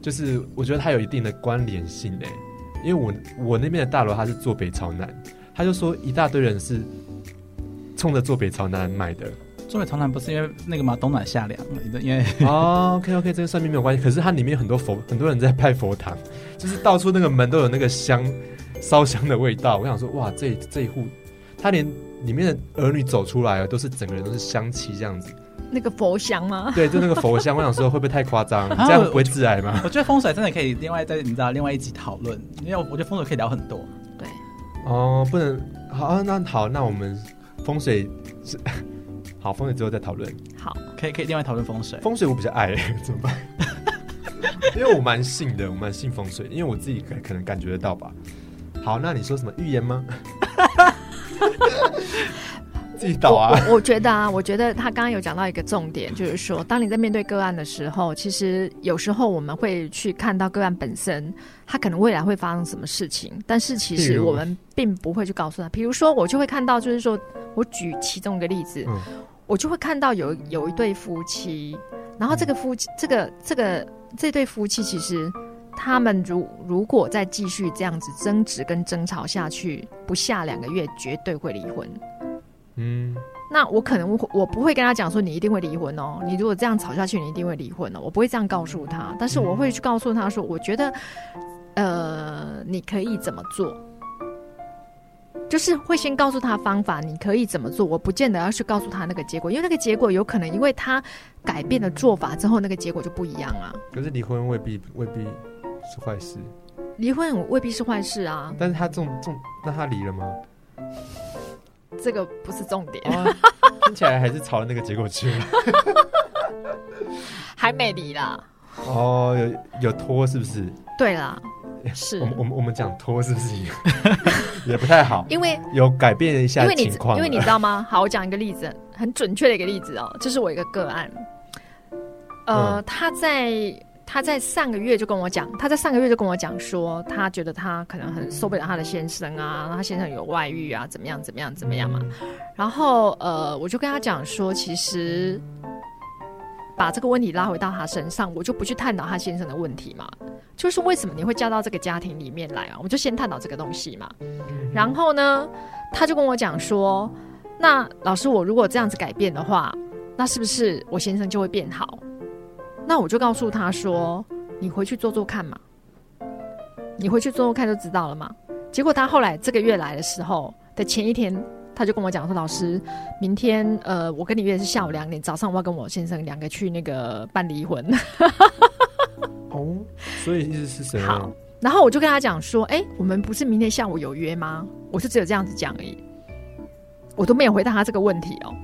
就是我覺得他有一定的關聯性嘞。因為我我那邊的大樓他是坐北朝南，他就說一大堆人是衝着坐北朝南買的。東通常不是因為那個嘛，冬暖夏涼，因為哦、oh,，OK OK，這個算命沒有關係。可是它裡面很多佛，很多人在拜佛堂，就是到處那個門都有那個香，燒香的味道。我想說，哇，這一這一戶，他連裡面的兒女走出來啊，都是整個人都是香氣這樣子。那個佛香嗎？對，就那個佛香。我想說，會不會太誇張？ *laughs* 這樣不會致癌嗎我？我覺得風水真的可以另外再，在你知道，另外一集討論。因為我覺得風水可以聊很多。對。哦，oh, 不能好、啊，那好，那我們風水是。好，風水之後再討論。好，可以可以另外討論風水。風水我比較愛、欸，怎麼辦？ *laughs* 因為我蠻信的，我蠻信風水，因為我自己可能感覺得到吧。好，那你說什麼預言嗎？ *laughs* *laughs* 自己倒啊。我，我覺得啊，我覺得他剛剛有講到一個重點，就是說，當你在面對個案的時候，其實有時候我們會去看到個案本身，他可能未來會發生什麼事情，但是其實我們並不會去告訴他。比如說，我就會看到，就是說我舉其中一個例子。嗯我就會看到有有一對夫妻，然後這個夫妻，嗯、這個這個這對夫妻，其實他們如如果再繼續這樣子爭執跟爭吵下去，不下兩個月絕對會離婚。嗯，那我可能我我不會跟他講說你一定會離婚哦，你如果這樣吵下去，你一定會離婚哦。我不會這樣告訴他，但是我會去告訴他說，我覺得，嗯、呃，你可以怎麼做。就是會先告訴他方法，你可以怎麼做。我不見得要去告訴他那個結果，因為那個結果有可能因為他改變了做法之後，那個結果就不一樣啊。可是離婚未必未必，是壞事，離婚未必是壞事啊。但是他重重，那他離了嗎？這個不是重點，啊、聽起來還是朝着那個結果去了， *laughs* 還沒離啦。哦，有有拖是不是？對啦了，欸、是我們。我們我們講拖是不是也？ *laughs* 也不太好。 *laughs* 因為有改變一下情況。因為你，因為你知道嗎？好，我講一個例子，很準確的一個例子哦，這是我一個個案。呃，嗯、他在他在上個月就跟我講，他在上個月就跟我講說，他覺得他可能很受不了他的先生啊，嗯、他先生有外遇啊，怎麼樣怎麼樣怎麼樣嘛。嗯、然後呃，我就跟他講說，其實。把這個問題拉回到他身上，我就不去探討他先生的問題嘛。就是為什麼你會嫁到這個家庭裡面來啊？我就先探討這個東西嘛。然後呢，他就跟我講說：“那老師，我如果這樣子改變的話，那是不是我先生就會變好？”那我就告訴他說：“你回去做做看嘛，你回去做做看就知道了嘛。”結果他後來這個月來的時候的前一天。他就跟我講說：“老師，明天呃，我跟你約的是下午兩點，早上我要跟我先生兩個去那個辦離婚。”哦，所以意思是好。然後我就跟他講說：“哎，我們不是明天下午有約嗎？”我就只有這樣子講而已，我都沒有回答他這個問題哦。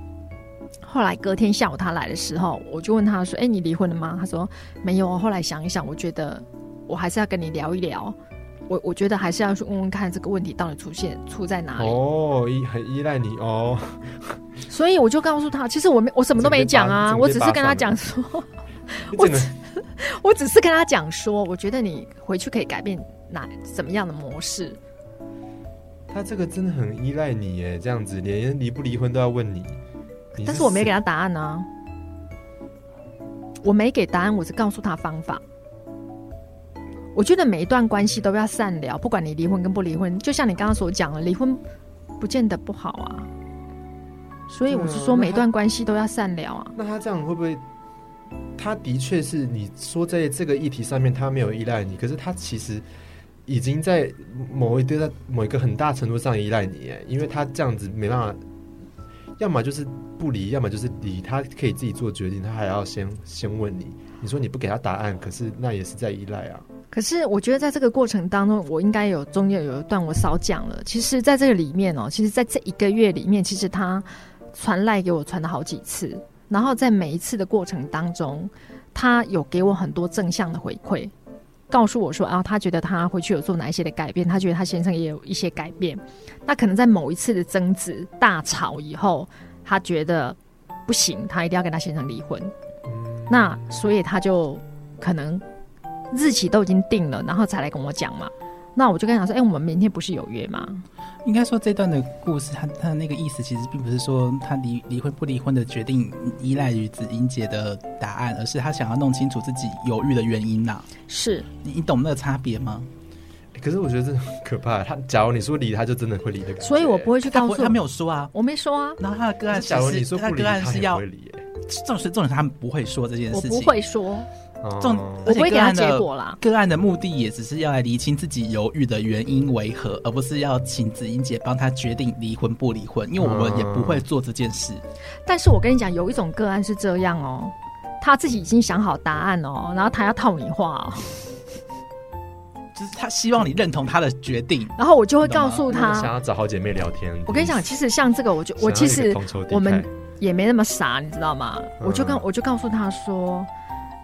後來隔天下午他來的時候，我就問他說：“哎，你離婚了嗎？”他說：“沒有。”後來想一想，我覺得我還是要跟你聊一聊。我我覺得還是要去問問看這個問題到底出現出在哪裡哦，依很依賴你哦，所以我就告訴他。其實我沒我什麼都沒講啊，我只是跟他講說，我只我只是跟他講說，我覺得你回去可以改變哪怎麼樣的模式。他這個真的很依賴你耶，這樣子連離不離婚都要問你，你是。但是我沒給他答案呢、啊，我沒給答案，我是告訴他方法。我覺得每一段關係都要善了，不管你離婚跟不離婚，就像你剛剛所講的，離婚不見得不好啊。所以我是說，每一段關係都要善了啊，啊那。那他這樣會不會？他的確是你說在這個議題上面他沒有依賴你，可是他其實已經在某一堆在某一個很大程度上依賴你耶，因為他這樣子沒辦法，要麼就是不離，要麼就是離。他可以自己做決定，他還要先先問你。你說你不給他答案，可是那也是在依賴啊。可是我覺得，在這個過程當中，我應該有中間有一段我少講了。其實，在這個裡面哦、喔，其實在這一個月裡面，其實他傳 LINE 給我傳了好幾次。然後在每一次的過程當中，他有給我很多正向的回饋，告訴我說：“啊，他覺得他回去有做哪一些的改變，他覺得他先生也有一些改變。那可能在某一次的爭執大吵以後，他覺得不行，他一定要跟他先生離婚。那所以他就可能。”日期都已經定了，然後才來跟我講嘛。那我就跟他說：“哎、欸，我們明天不是有約嗎？”應該說這段的故事，他他的那個意思其實並不是說他離離婚不離婚的決定依賴於子英姐的答案，而是他想要弄清楚自己猶豫的原因吶、啊。是你，你懂那個差別嗎？可是我覺得這很可怕。他假如你說離，他就真的會離的。所以我不會去告訴他，他沒有說啊，我沒說啊。然後他的個案，是假如你說他個案是要，事，這種事他們不會說這件事情，我不會說。這種，我不會給他結果啦。個案的目的也只是要來釐清自己猶豫的原因為何，而不是要請子英姐幫他決定離婚不離婚，因為我們也不會做這件事。嗯、但是我跟你講，有一種個案是這樣哦，他自己已經想好答案了哦，然後他要套你話、哦， *laughs* 就是他希望你認同他的決定，然後我就會告訴他，想要找好姐妹聊天。我跟你講，其實像這個，我就我其實我們也沒那麼傻，你知道嗎？我就跟我就告訴他說。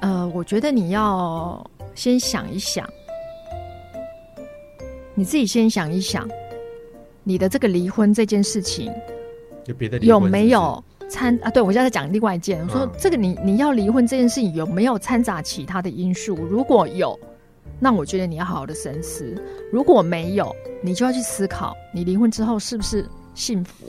呃，我覺得你要先想一想，你自己先想一想，你的這個離婚這件事情，有別的是是有沒有摻啊，對？對我現在在講另外一件，啊、我說這個你你要離婚這件事情有沒有摻雜其他的因素？如果有，那我覺得你要好好的深思；如果沒有，你就要去思考，你離婚之後是不是幸福？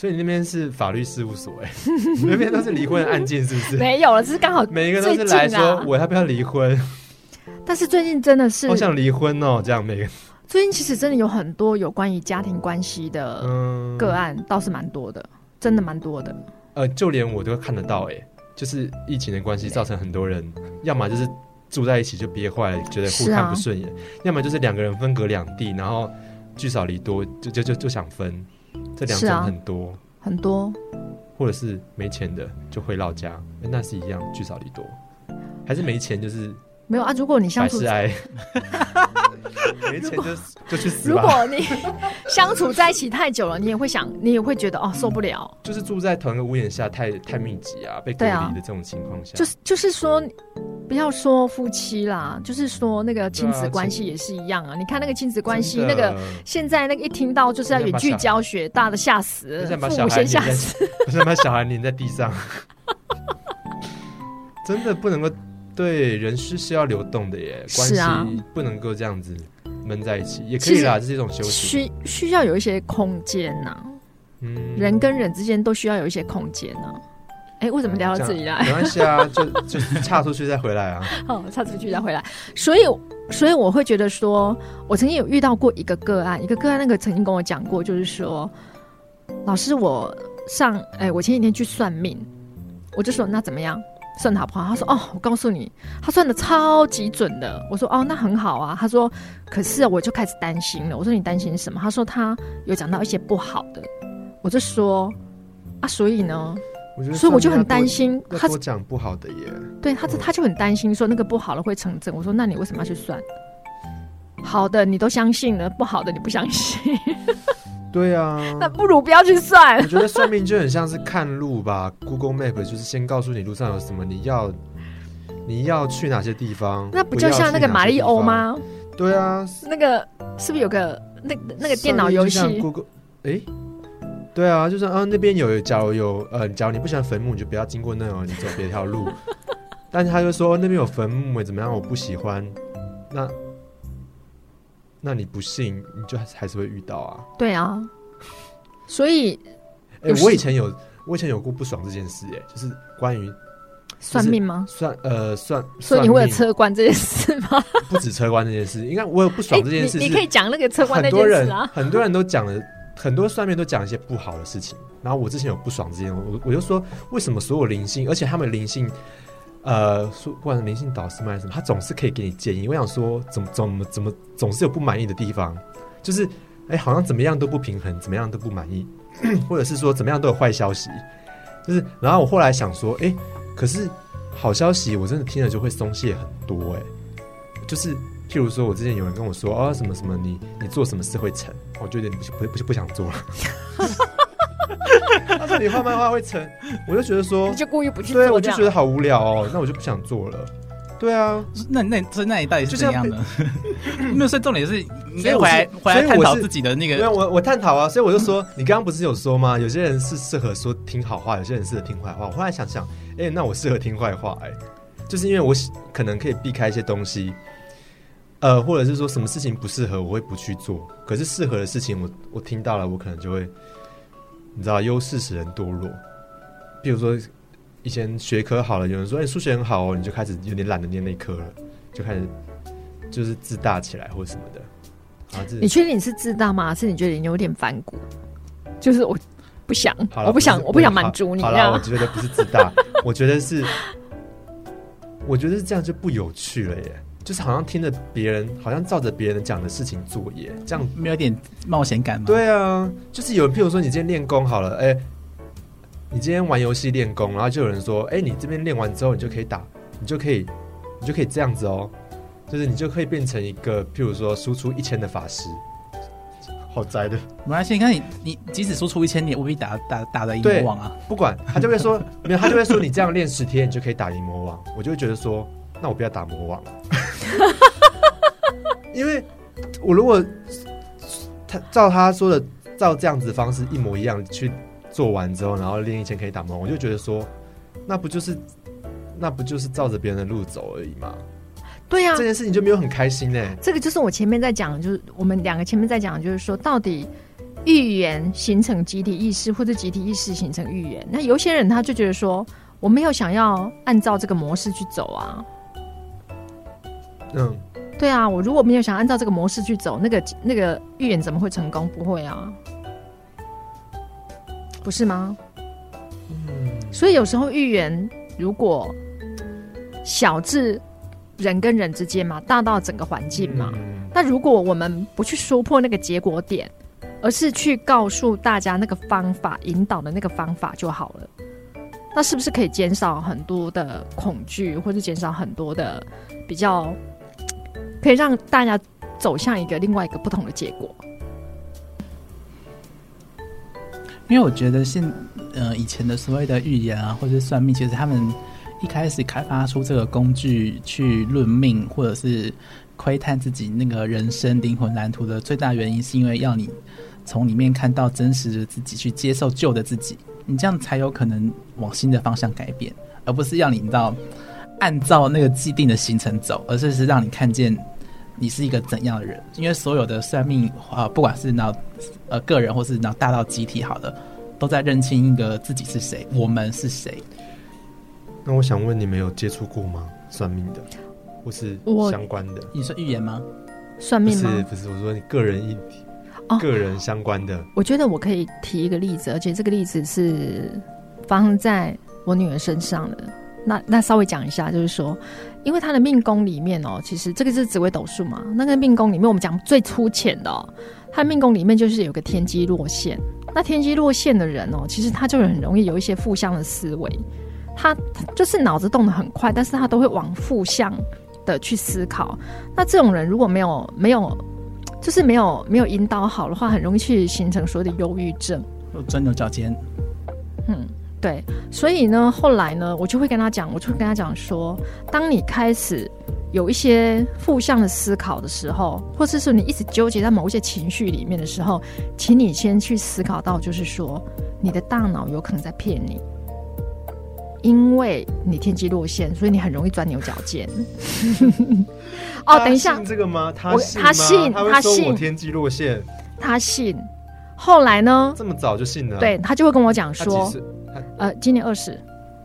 所以你那邊是法律事務所哎， *laughs* 那邊都是離婚案件是不是？ *laughs* 沒有了，只是剛好、啊、每一個都是來說，我還要不要離婚？但是最近真的是，我想離婚哦，這樣每個最近其實真的有很多有關於家庭關係的個案，嗯、倒是蠻多的，真的蠻多的。呃，就連我都看得到哎，就是疫情的關係造成很多人，對要麼就是住在一起就憋壞了，覺得互看不順眼；啊、要麼就是兩個人分隔兩地，然後聚少離多，就就就就想分。這兩種很多、啊、很多，或者是沒錢的就回老家，那是一樣聚少離多，還是沒錢就是沒有啊？如果你像還是愛。 *laughs* 沒錢就就去死吧！如果你相處在一起太久了，你也會想，你也會覺得哦，受不了。就是住在同一個屋檐下，太太密集啊，被隔離的這種情況下。就是就是說，不要說夫妻啦，就是說那個親子關係也是一樣啊。你看那個親子關係，那個現在那個一聽到就是要遠距教學，大的嚇死，父母先嚇死，先把小孩黏在地上，真的不能夠。對，人是需要流動的耶，關係不能夠這樣子悶在一起，啊、也可以啦。實這是一種休息，需，需要有一些空間呢、啊、嗯，人跟人之間都需要有一些空間呢、啊。哎、欸，為什麼聊到自己來這裡啊？沒關係啊， *laughs* 就就岔出去再回來啊。哦， *laughs* 岔出去再回來，所以所以我會覺得說，我曾經有遇到過一個個案，一個個案，那個曾經跟我講過，就是說，老師，我上哎、欸，我前幾天去算命，我就說那怎麼樣？算的好不好？他說哦，我告訴你，他算的超級準的。我說哦，那很好啊。他說，可是我就開始擔心了。我說你擔心什麼？他說他有講到一些不好的。我就說啊，所以呢，所以我就很擔心多他講不好的耶。對他，對他，嗯，他就很擔心說那個不好的會成真。我說那你為什麼要去算？嗯，好的你都相信了，不好的你不相信。 *laughs* 對啊，那不如不要去算。我覺得算命就很像是看路吧 *laughs* ，Google Map 就是先告訴你路上有什麼，你要你要去哪些地方。那不就像那個瑪麗歐嗎？對啊，那個是不是有個那那個電腦遊戲？Google，哎，對啊，就是啊，那邊有，假如有，呃，假如你不喜歡墳墓，你就不要經過那個，你走別條路。 *laughs* 但是他就說那邊有墳墓，怎麼樣？我不喜歡那。那你不信，你就還是會遇到啊。對啊，所以，哎、欸，我以前有，我以前有過不爽這件事、欸，哎，就是關於算、算命嗎？算，呃，算。算命所以你會有車關這件事嗎？ *laughs* 不止車關這件事，應該我有、有不爽這件事、欸你。你可以講那個車關那件事、啊，很多人，很多人都講了，很多算命都講一些不好的事情。然後我之前有不爽這件事，我我就說，為什麼所有靈性，而且他們靈性。呃，說不管是靈性導師還是什麼，他總是可以給你建議。我想說，怎麼怎麼怎麼總是有不滿意的地方，就是哎、欸，好像怎麼樣都不平衡，怎麼樣都不滿意，或者是說怎麼樣都有壞消息，就是。然後我後來想說，哎、欸，可是好消息我真的聽了就會鬆懈很多、欸，哎，就是譬如說，我之前有人跟我說，哦，什麼什麼你，你你做什麼事會成，我就有點不不不，不想做了。 *laughs* 他說你畫漫畫會成，我就覺得說，你就故意不去做，對，我就覺得好無聊哦。那我就不想做了，對啊。那所以那從那一代是怎樣的？沒有，所以重點是，所以回來回來探討自己的那個。因為、啊、我我探討啊。所以我就說，你剛剛不是有說嗎？有些人是適合說聽好話，有些人適合聽壞話。我後來想想，哎、欸，那我適合聽壞話、欸，哎，就是因為我可能可以避開一些東西，呃，或者是說什麼事情不適合，我會不去做。可是適合的事情我，我我聽到了，我可能就會。你知道，優勢使人墮落。比如說，以前學科好了，有人說：“欸，數學很好哦。”你就開始有點懶得念那一科了，就開始就是自大起來或什麼的。你確定你是自大嗎？是你覺得你有點反骨？就是我不想，不我不想，我不想滿足你樣好。好了，我覺得不是自大， *laughs* 我覺得是，我覺得是這樣就不有趣了耶。就是好像聽着別人，好像照着別人講的事情做耶，這樣沒有一點冒險感嗎？對啊，就是有人，譬如說你今天練功好了，哎、欸，你今天玩遊戲練功，然後就有人說，哎、欸，你這邊練完之後，你就可以打，你就可以，你就可以這樣子哦，就是你就可以變成一個譬如說輸出一千的法師，好宅的。沒關係，你看你你即使輸出一千，你也未必打打打得贏魔王啊。不管，他就會說沒有，他就會說你這樣練十天，你就可以打贏魔王。我就會覺得說，那我不要打魔王。 *laughs* 因為我如果他照他說的，照這樣子的方式一模一樣去做完之後，然後另一千可以打夢，我就覺得說，那不就是那不就是照着別人的路走而已嘛？對呀、啊，這件事情就沒有很開心呢、欸。這個就是我前面在講，就是我們兩個前面在講，就是說到底預言形成集體意識，或者集體意識形成預言。那有些人他就覺得說，我沒有想要按照這個模式去走啊。嗯，對啊，我如果沒有想按照這個模式去走，那個那個預言怎麼會成功？不會啊，不是嗎？嗯，所以有時候預言，如果小至人跟人之間嘛，大到整個環境嘛，那、嗯、如果我們不去說破那個結果點，而是去告訴大家那個方法引導的那個方法就好了，那是不是可以減少很多的恐懼，或是減少很多的比較？可以讓大家走向一個另外一個不同的結果，因為我覺得現呃以前的所謂的預言啊，或者是算命，其實他們一開始開發出這個工具去論命，或者是窺探自己那個人生靈魂藍圖的最大原因，是因為要你從裡面看到真實的自己，去接受舊的自己，你這樣才有可能往新的方向改變，而不是要你到。按照那個既定的行程走，而是是讓你看見你是一個怎樣的人。因為所有的算命啊，不管是那，呃個人，或是那大到集體，好的，都在認清一個自己是誰，我們是誰。那我想問你，沒有接觸過嗎？算命的，或是相關的？你說預言嗎？算命嗎？不是，不是，我說你個人預，哦、個人相關的。我覺得我可以提一個例子，而且這個例子是發生在我女兒身上的。那那稍微講一下，就是說，因為他的命宮裡面哦、喔，其實這個是紫微斗數嘛。那個命宮裡面，我們講最粗淺的、喔，他的命宮裡面就是有個天機落陷。那天機落陷的人哦、喔，其實他就很容易有一些負向的思維，他就是腦子動得很快，但是他都會往負向的去思考。那這種人如果沒有沒有，就是沒有沒有引導好的話，很容易去形成所謂的憂鬱症，有鑽牛角尖。嗯。對，所以呢，後來呢，我就會跟他講，我就會跟他講說，當你開始有一些負向的思考的時候，或是說你一直糾結在某一些情緒裡面的時候，請你先去思考到，就是說你的大腦有可能在騙你，因為你天機落線，所以你很容易鑽牛角尖。 *laughs* 哦，等一下，這個嗎？他他信，他信，我天機落線，他信。後來呢？這麼早就信了？對，他就會跟我講說。呃，今年二十，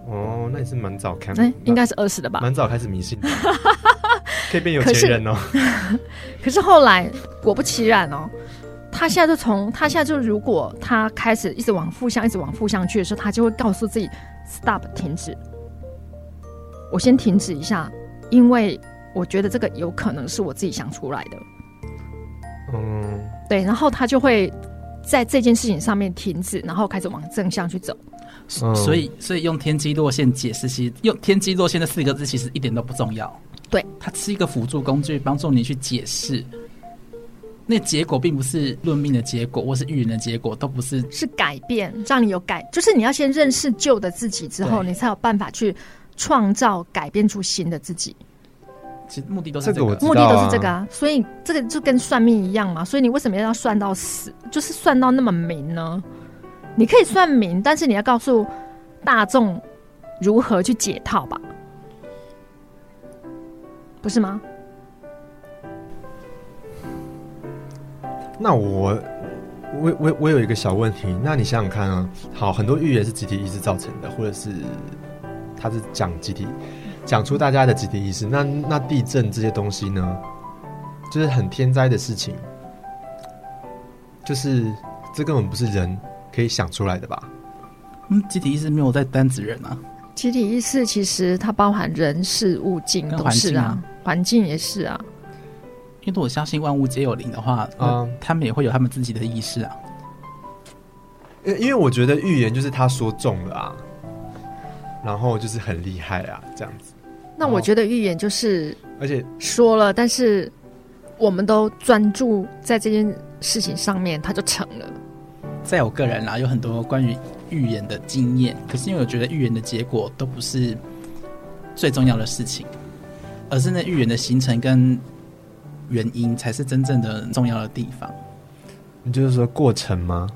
哦，那也是蠻早看，哎，應該是二十的吧，蠻早開始迷信，可以變有錢人哦。可是後來果不其然哦，他現在就從他現在就如果他開始一直往負向一直往負向去的時候，他就會告訴自己 Stop 停止，我先停止一下，因為我覺得這個有可能是我自己想出來的。嗯，對，然後他就會在這件事情上面停止，然後開始往正向去走。嗯、所以，所以用天機落陷解釋，其實用天機落陷那四個字其實一點都不重要。對，它是一個輔助工具，幫助你去解釋。那個、結果並不是論命的結果，或是預言的結果，都不是。是改變，讓你有改，就是你要先認識舊的自己，之後對你才有辦法去創造、改變出新的自己。其實目的都是這個，這個啊、目的都是這個啊。所以這個就跟算命一樣嘛。所以你為什麼要算到死？就是算到那麼明呢？你可以算命，但是你要告訴大眾如何去解套吧，不是嗎？那我我我我有一個小問題，那你想想看啊。好，很多預言是集體意識造成的，或者是他是講集體，講出大家的集體意識。那那地震這些東西呢，就是很天災的事情，就是這根本不是人。可以想出來的吧？嗯，集體意識沒有在單指人啊。集體意識其實它包含人、事、物、境都是啊，環境啊，環境也是啊。因為我相信萬物皆有靈的話，嗯，他們也會有他們自己的意識啊。因為我覺得預言就是他說中了啊，然後就是很厲害啊，這樣子。那我覺得預言就是，而且說了，而且但是我們都專注在這件事情上面，它就成了。在我個人啦、啊，有很多關於預言的經驗。可是因為我覺得預言的結果都不是最重要的事情，而是那預言的形成跟原因才是真正的重要的地方。你就是說過程嗎？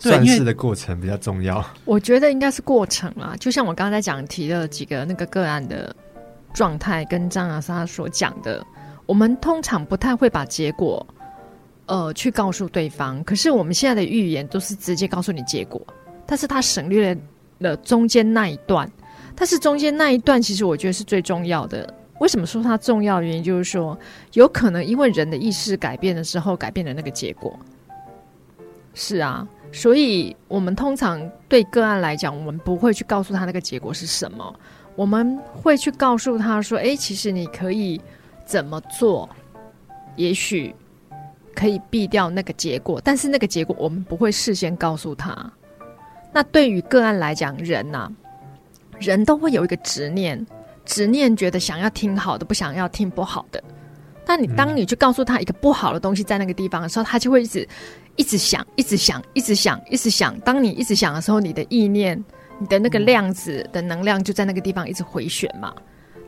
對算是的過程比較重要。我覺得應該是過程啊，就像我剛剛在講提的幾個那個個案的狀態，跟張老莎所講的，我們通常不太會把結果，呃，去告訴對方。可是我們現在的預言都是直接告訴你結果，但是他省略了中間那一段。但是中間那一段，其實我覺得是最重要的。為什麼說它重要？原因就是說，有可能因為人的意識改變的時候，改變了那個結果。是啊，所以我們通常對個案來講，我們不會去告訴他那個結果是什麼，我們會去告訴他說：“哎，其實你可以怎麼做？”也許。可以避掉那個結果，但是那個結果我們不會事先告訴他。那對於個案來講，人吶、啊，人都會有一個執念，執念覺得想要聽好的，不想要聽不好的。但你當你去告訴他一個不好的東西在那個地方的時候，他就會一直一直想，一直想，一直想，一直想。當你一直想的時候，你的意念，你的那個量子的能量就在那個地方一直回旋嘛。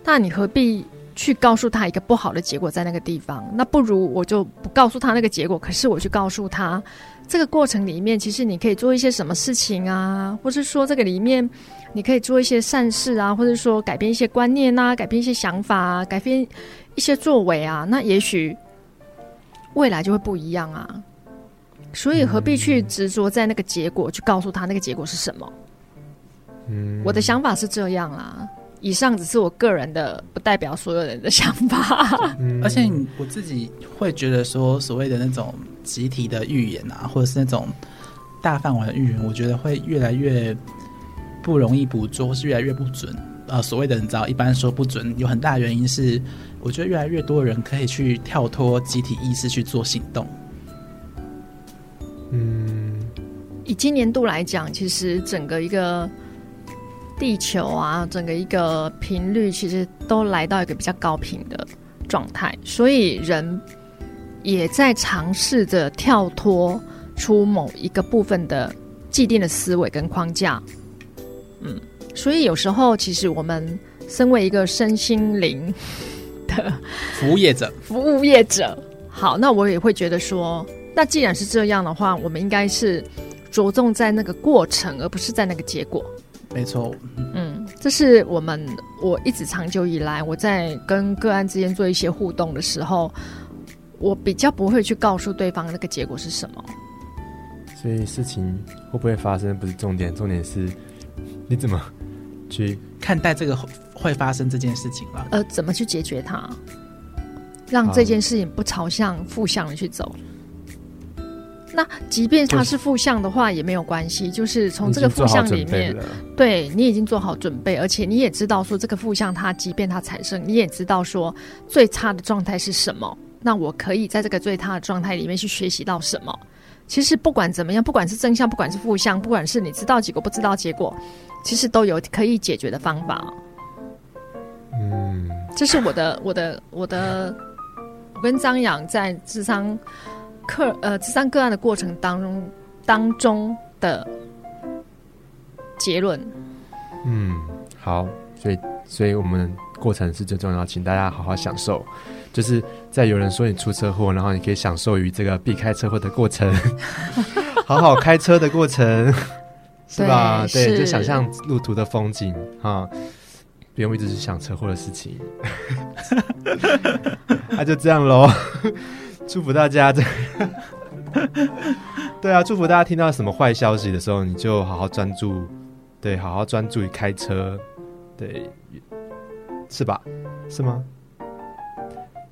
那你何必？去告訴他一個不好的結果在那個地方，那不如我就不告訴他那個結果。可是我去告訴他，這個過程裡面，其實你可以做一些什麼事情啊，或是說這個裡面你可以做一些善事啊，或者說改變一些觀念啊，改變一些想法啊，改變一些作為啊，那也許未來就會不一樣啊。所以何必去執着在那個結果？嗯，去告訴他那個結果是什麼？嗯，我的想法是這樣啦，啊。以上只是我個人的，不代表所有人的想法。而且我自己會覺得說，所謂的那種集體的預言啊，或者是那種大範圍的預言，我覺得會越來越不容易捕捉，或是越來越不準。呃，所謂的你知道，一般說不準，有很大的原因是，我覺得越來越多人可以去跳脫集體意識去做行動。嗯，以今年度來講，其實整個一個。地球啊，整個一個頻率其實都來到一個比較高頻的狀態，所以人也在嘗試着跳脫出某一個部分的既定的思維跟框架。嗯，所以有時候其實我們身為一個身心靈的服務業者， *laughs* 服務業者，好，那我也會覺得說，那既然是這樣的話，我們應該是着重在那個過程，而不是在那個結果。沒錯，嗯，嗯，這是我們我一直長久以來我在跟個案之間做一些互動的時候，我比較不會去告訴對方那個結果是什麼。所以事情會不會發生不是重點，重點是你怎麼去看待這個會發生這件事情吧、啊，呃，怎麼去解決它，讓這件事情不朝向負向的去走。那即便它是負向的話也沒有關係，就是、就是從這個負向裡面，你對你已經做好準備，而且你也知道說這個負向它即便它產生，你也知道說最差的狀態是什麼。那我可以在這個最差的狀態裡面去學習到什麼？其實不管怎麼樣，不管是正向，不管是負向，不管是你知道結果不知道結果，其實都有可以解決的方法。嗯，這是我的我的我的，我跟張揚在智商，客、呃，這三個案的過程當中當中的結論。嗯，好，所以所以我們的過程是最重要，請大家好好享受。嗯、就是在有人說你出車禍，然後你可以享受於這個避開車禍的過程， *laughs* *laughs* 好好開車的過程，是 *laughs* 吧？對，對是就想象路途的風景啊，不用一直去想車禍的事情。那就這樣嘍。祝福大家對！對啊，祝福大家聽到什麼壞消息的時候，你就好好專注，對，好好專注於開車，對，是吧？是嗎？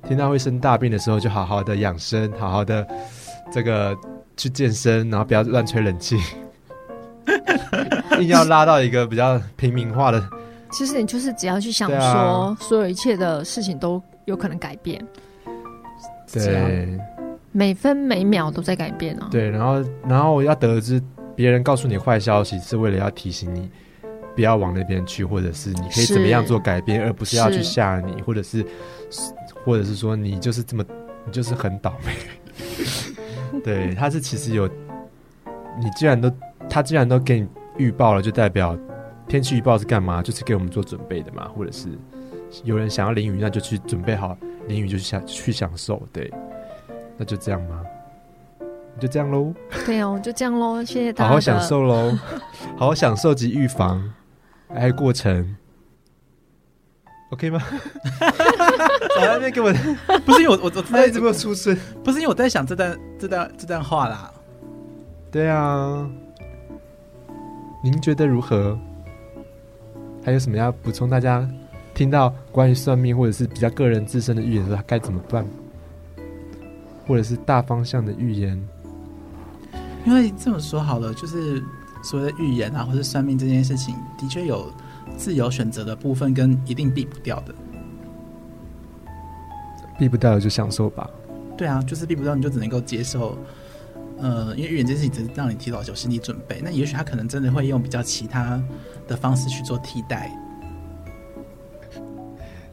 聽到會生大病的時候，就好好的養生，好好的這個去健身，然後不要亂吹冷氣，一定 *laughs* 要拉到一個比較平民化的。其實你就是只要去想說，啊、所有一切的事情都有可能改變。對，每分每秒都在改變哦、啊，對，然後，然後我要得知別人告訴你壞消息，是為了要提醒你不要往那邊去，或者是你可以怎麼樣做改變，而不是要去嚇你，是或者是，或者是說你就是這麼，你就是很倒霉。 *laughs* 對，他是其實有，你既然都他既然都給你預報了，就代表天氣預報是幹嘛？就是給我們做準備的嘛，或者是有人想要淋雨，那就去準備好。淋雨就想就去享受，對，那就這樣嗎？就這樣嘍。對哦，就這樣嘍。 *laughs* 謝謝大家。好好享受嘍，好好享受及預防，愛 *laughs* 過程，OK 嗎？哈哈哈哈哈！在那邊給我，不是因為我 *laughs* 我……我我他一直沒有出聲？不是因為我在想這段、這段、這段話啦。對啊，您覺得如何？還有什麼要補充大家？聽到關於算命或者是比較個人自身的預言，說該怎麼辦，或者是大方向的預言，因為這麼說好了，就是所謂的預言啊，或是算命這件事情，的確有自由選擇的部分跟一定避不掉的，避不掉的就享受吧。對啊，就是避不掉，你就只能夠接受。呃，因為預言這件事情，只是讓你提早有心理準備。那也許他可能真的會用比較其他的方式去做替代。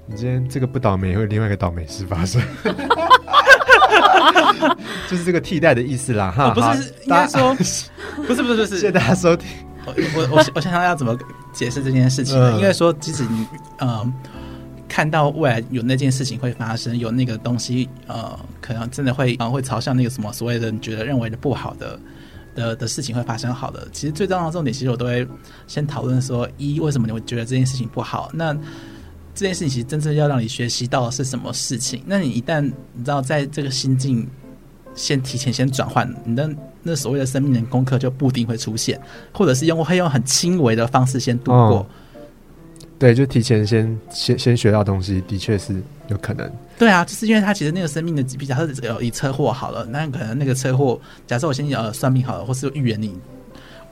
你今天這個不倒霉，會有另外一個倒霉事發生， *laughs* *laughs* 就是這個替代的意思啦，哈。不是，應該說，不是，不是，謝謝大家收聽我。我我我我想想要怎麼解釋這件事情呢？嗯、因為說，即使你呃看到未來有那件事情會發生，有那個東西呃，可能真的會啊、呃、會朝向那個什麼所謂的你覺得認為的不好的的的事情會發生，好的。其實最重要的重點，其實我都會先討論說一，一為什麼你會覺得這件事情不好？那這件事情其實真正要讓你學習到的是什麼事情，那你一旦你知道在這個心境，先提前先轉換，你的那所謂的生命的功課就不一定會出現，或者是用會用很輕微的方式先度過。哦、對，就提前先先先學到的東西，的確是有可能。對啊，就是因為他其實那個生命的疾病，假設以車禍好了，那可能那個車禍，假設我先呃算命好了，或是預言你。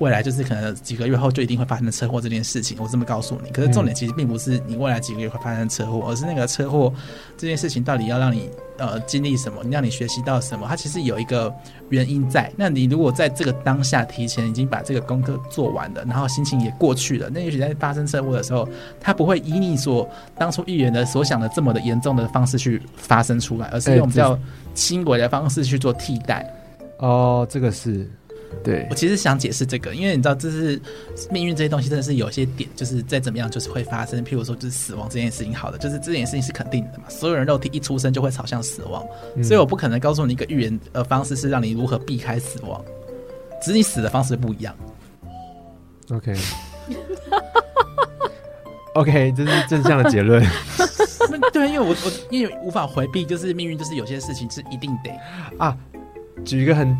未來就是可能幾個月後就一定會發生車禍這件事情，我這麼告訴你。可是重點其實並不是你未來幾個月會發生車禍，嗯、而是那個車禍這件事情到底要讓你呃經歷什麼，讓你學習到什麼。它其實有一個原因在。那你如果在這個當下提前已經把這個功課做完了，然後心情也過去了，那也許在發生車禍的時候，它不會以你所當初預言的、所想的這麼的嚴重的方式去發生出來，而是用比較輕微的方式去做替代。欸、哦，這個是。對我其實想解釋這個，因為你知道，這是命運這些東西，真的是有些點，就是再怎麼樣，就是會發生。譬如說，就是死亡這件事情，好的，就是這件事情是肯定的嘛。所有人肉體一出生就會朝向死亡，嗯、所以我不可能告訴你一個預言呃方式，是讓你如何避開死亡，只是你死的方式不一樣。OK，OK，這是正向的結論。對， *laughs* *laughs* 因為我我因為無法回避，就是命運，就是有些事情是一定得啊。舉一個很。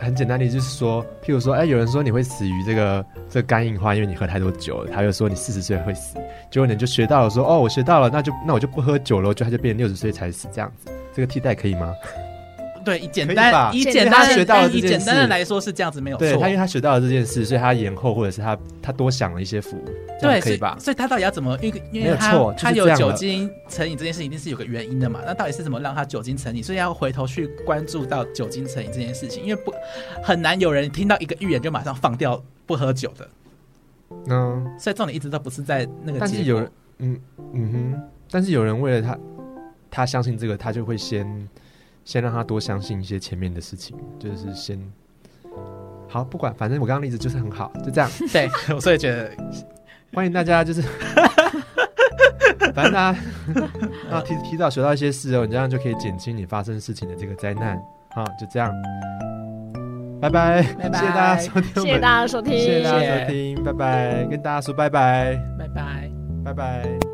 很簡單的就是說，譬如說，哎、欸，有人說你會死於這個這個、肝硬化，因為你喝太多酒了。他又說你四十歲會死，結果你就學到了說，說哦，我學到了，那就那我就不喝酒了，就他就變六十歲才死這樣子。這個替代可以嗎？對，以簡單、以簡單的、以簡單的來說是這樣子，沒有錯。對他，因為他學到了這件事，所以他延後或者是他他多享了一些福，可以對，是吧？所以他到底要怎麼？因為因為他有、就是、他有酒精成癮這件事，一定是有個原因的嘛？那到底是怎麼讓他酒精成癮？所以要回頭去關注到酒精成癮這件事情，因為不很難有人聽到一個預言就馬上放掉不喝酒的。嗯，所以重點一直都不是在那個，但是有人，嗯嗯哼，但是有人為了他，他相信這個，他就會先。先讓他多相信一些前面的事情，就是先好，不管反正我剛剛例子就是很好，就這樣。 *laughs* 對，我所以覺得 *laughs* 歡迎大家就是， *laughs* 反正大家， *laughs* 提提早學到一些事哦，你這樣就可以減輕你發生事情的這個災難。好，就這樣，拜拜，拜拜，謝謝大家收聽，謝謝大家收聽，謝謝大家收聽，拜拜，跟大家說拜拜，拜拜，拜拜。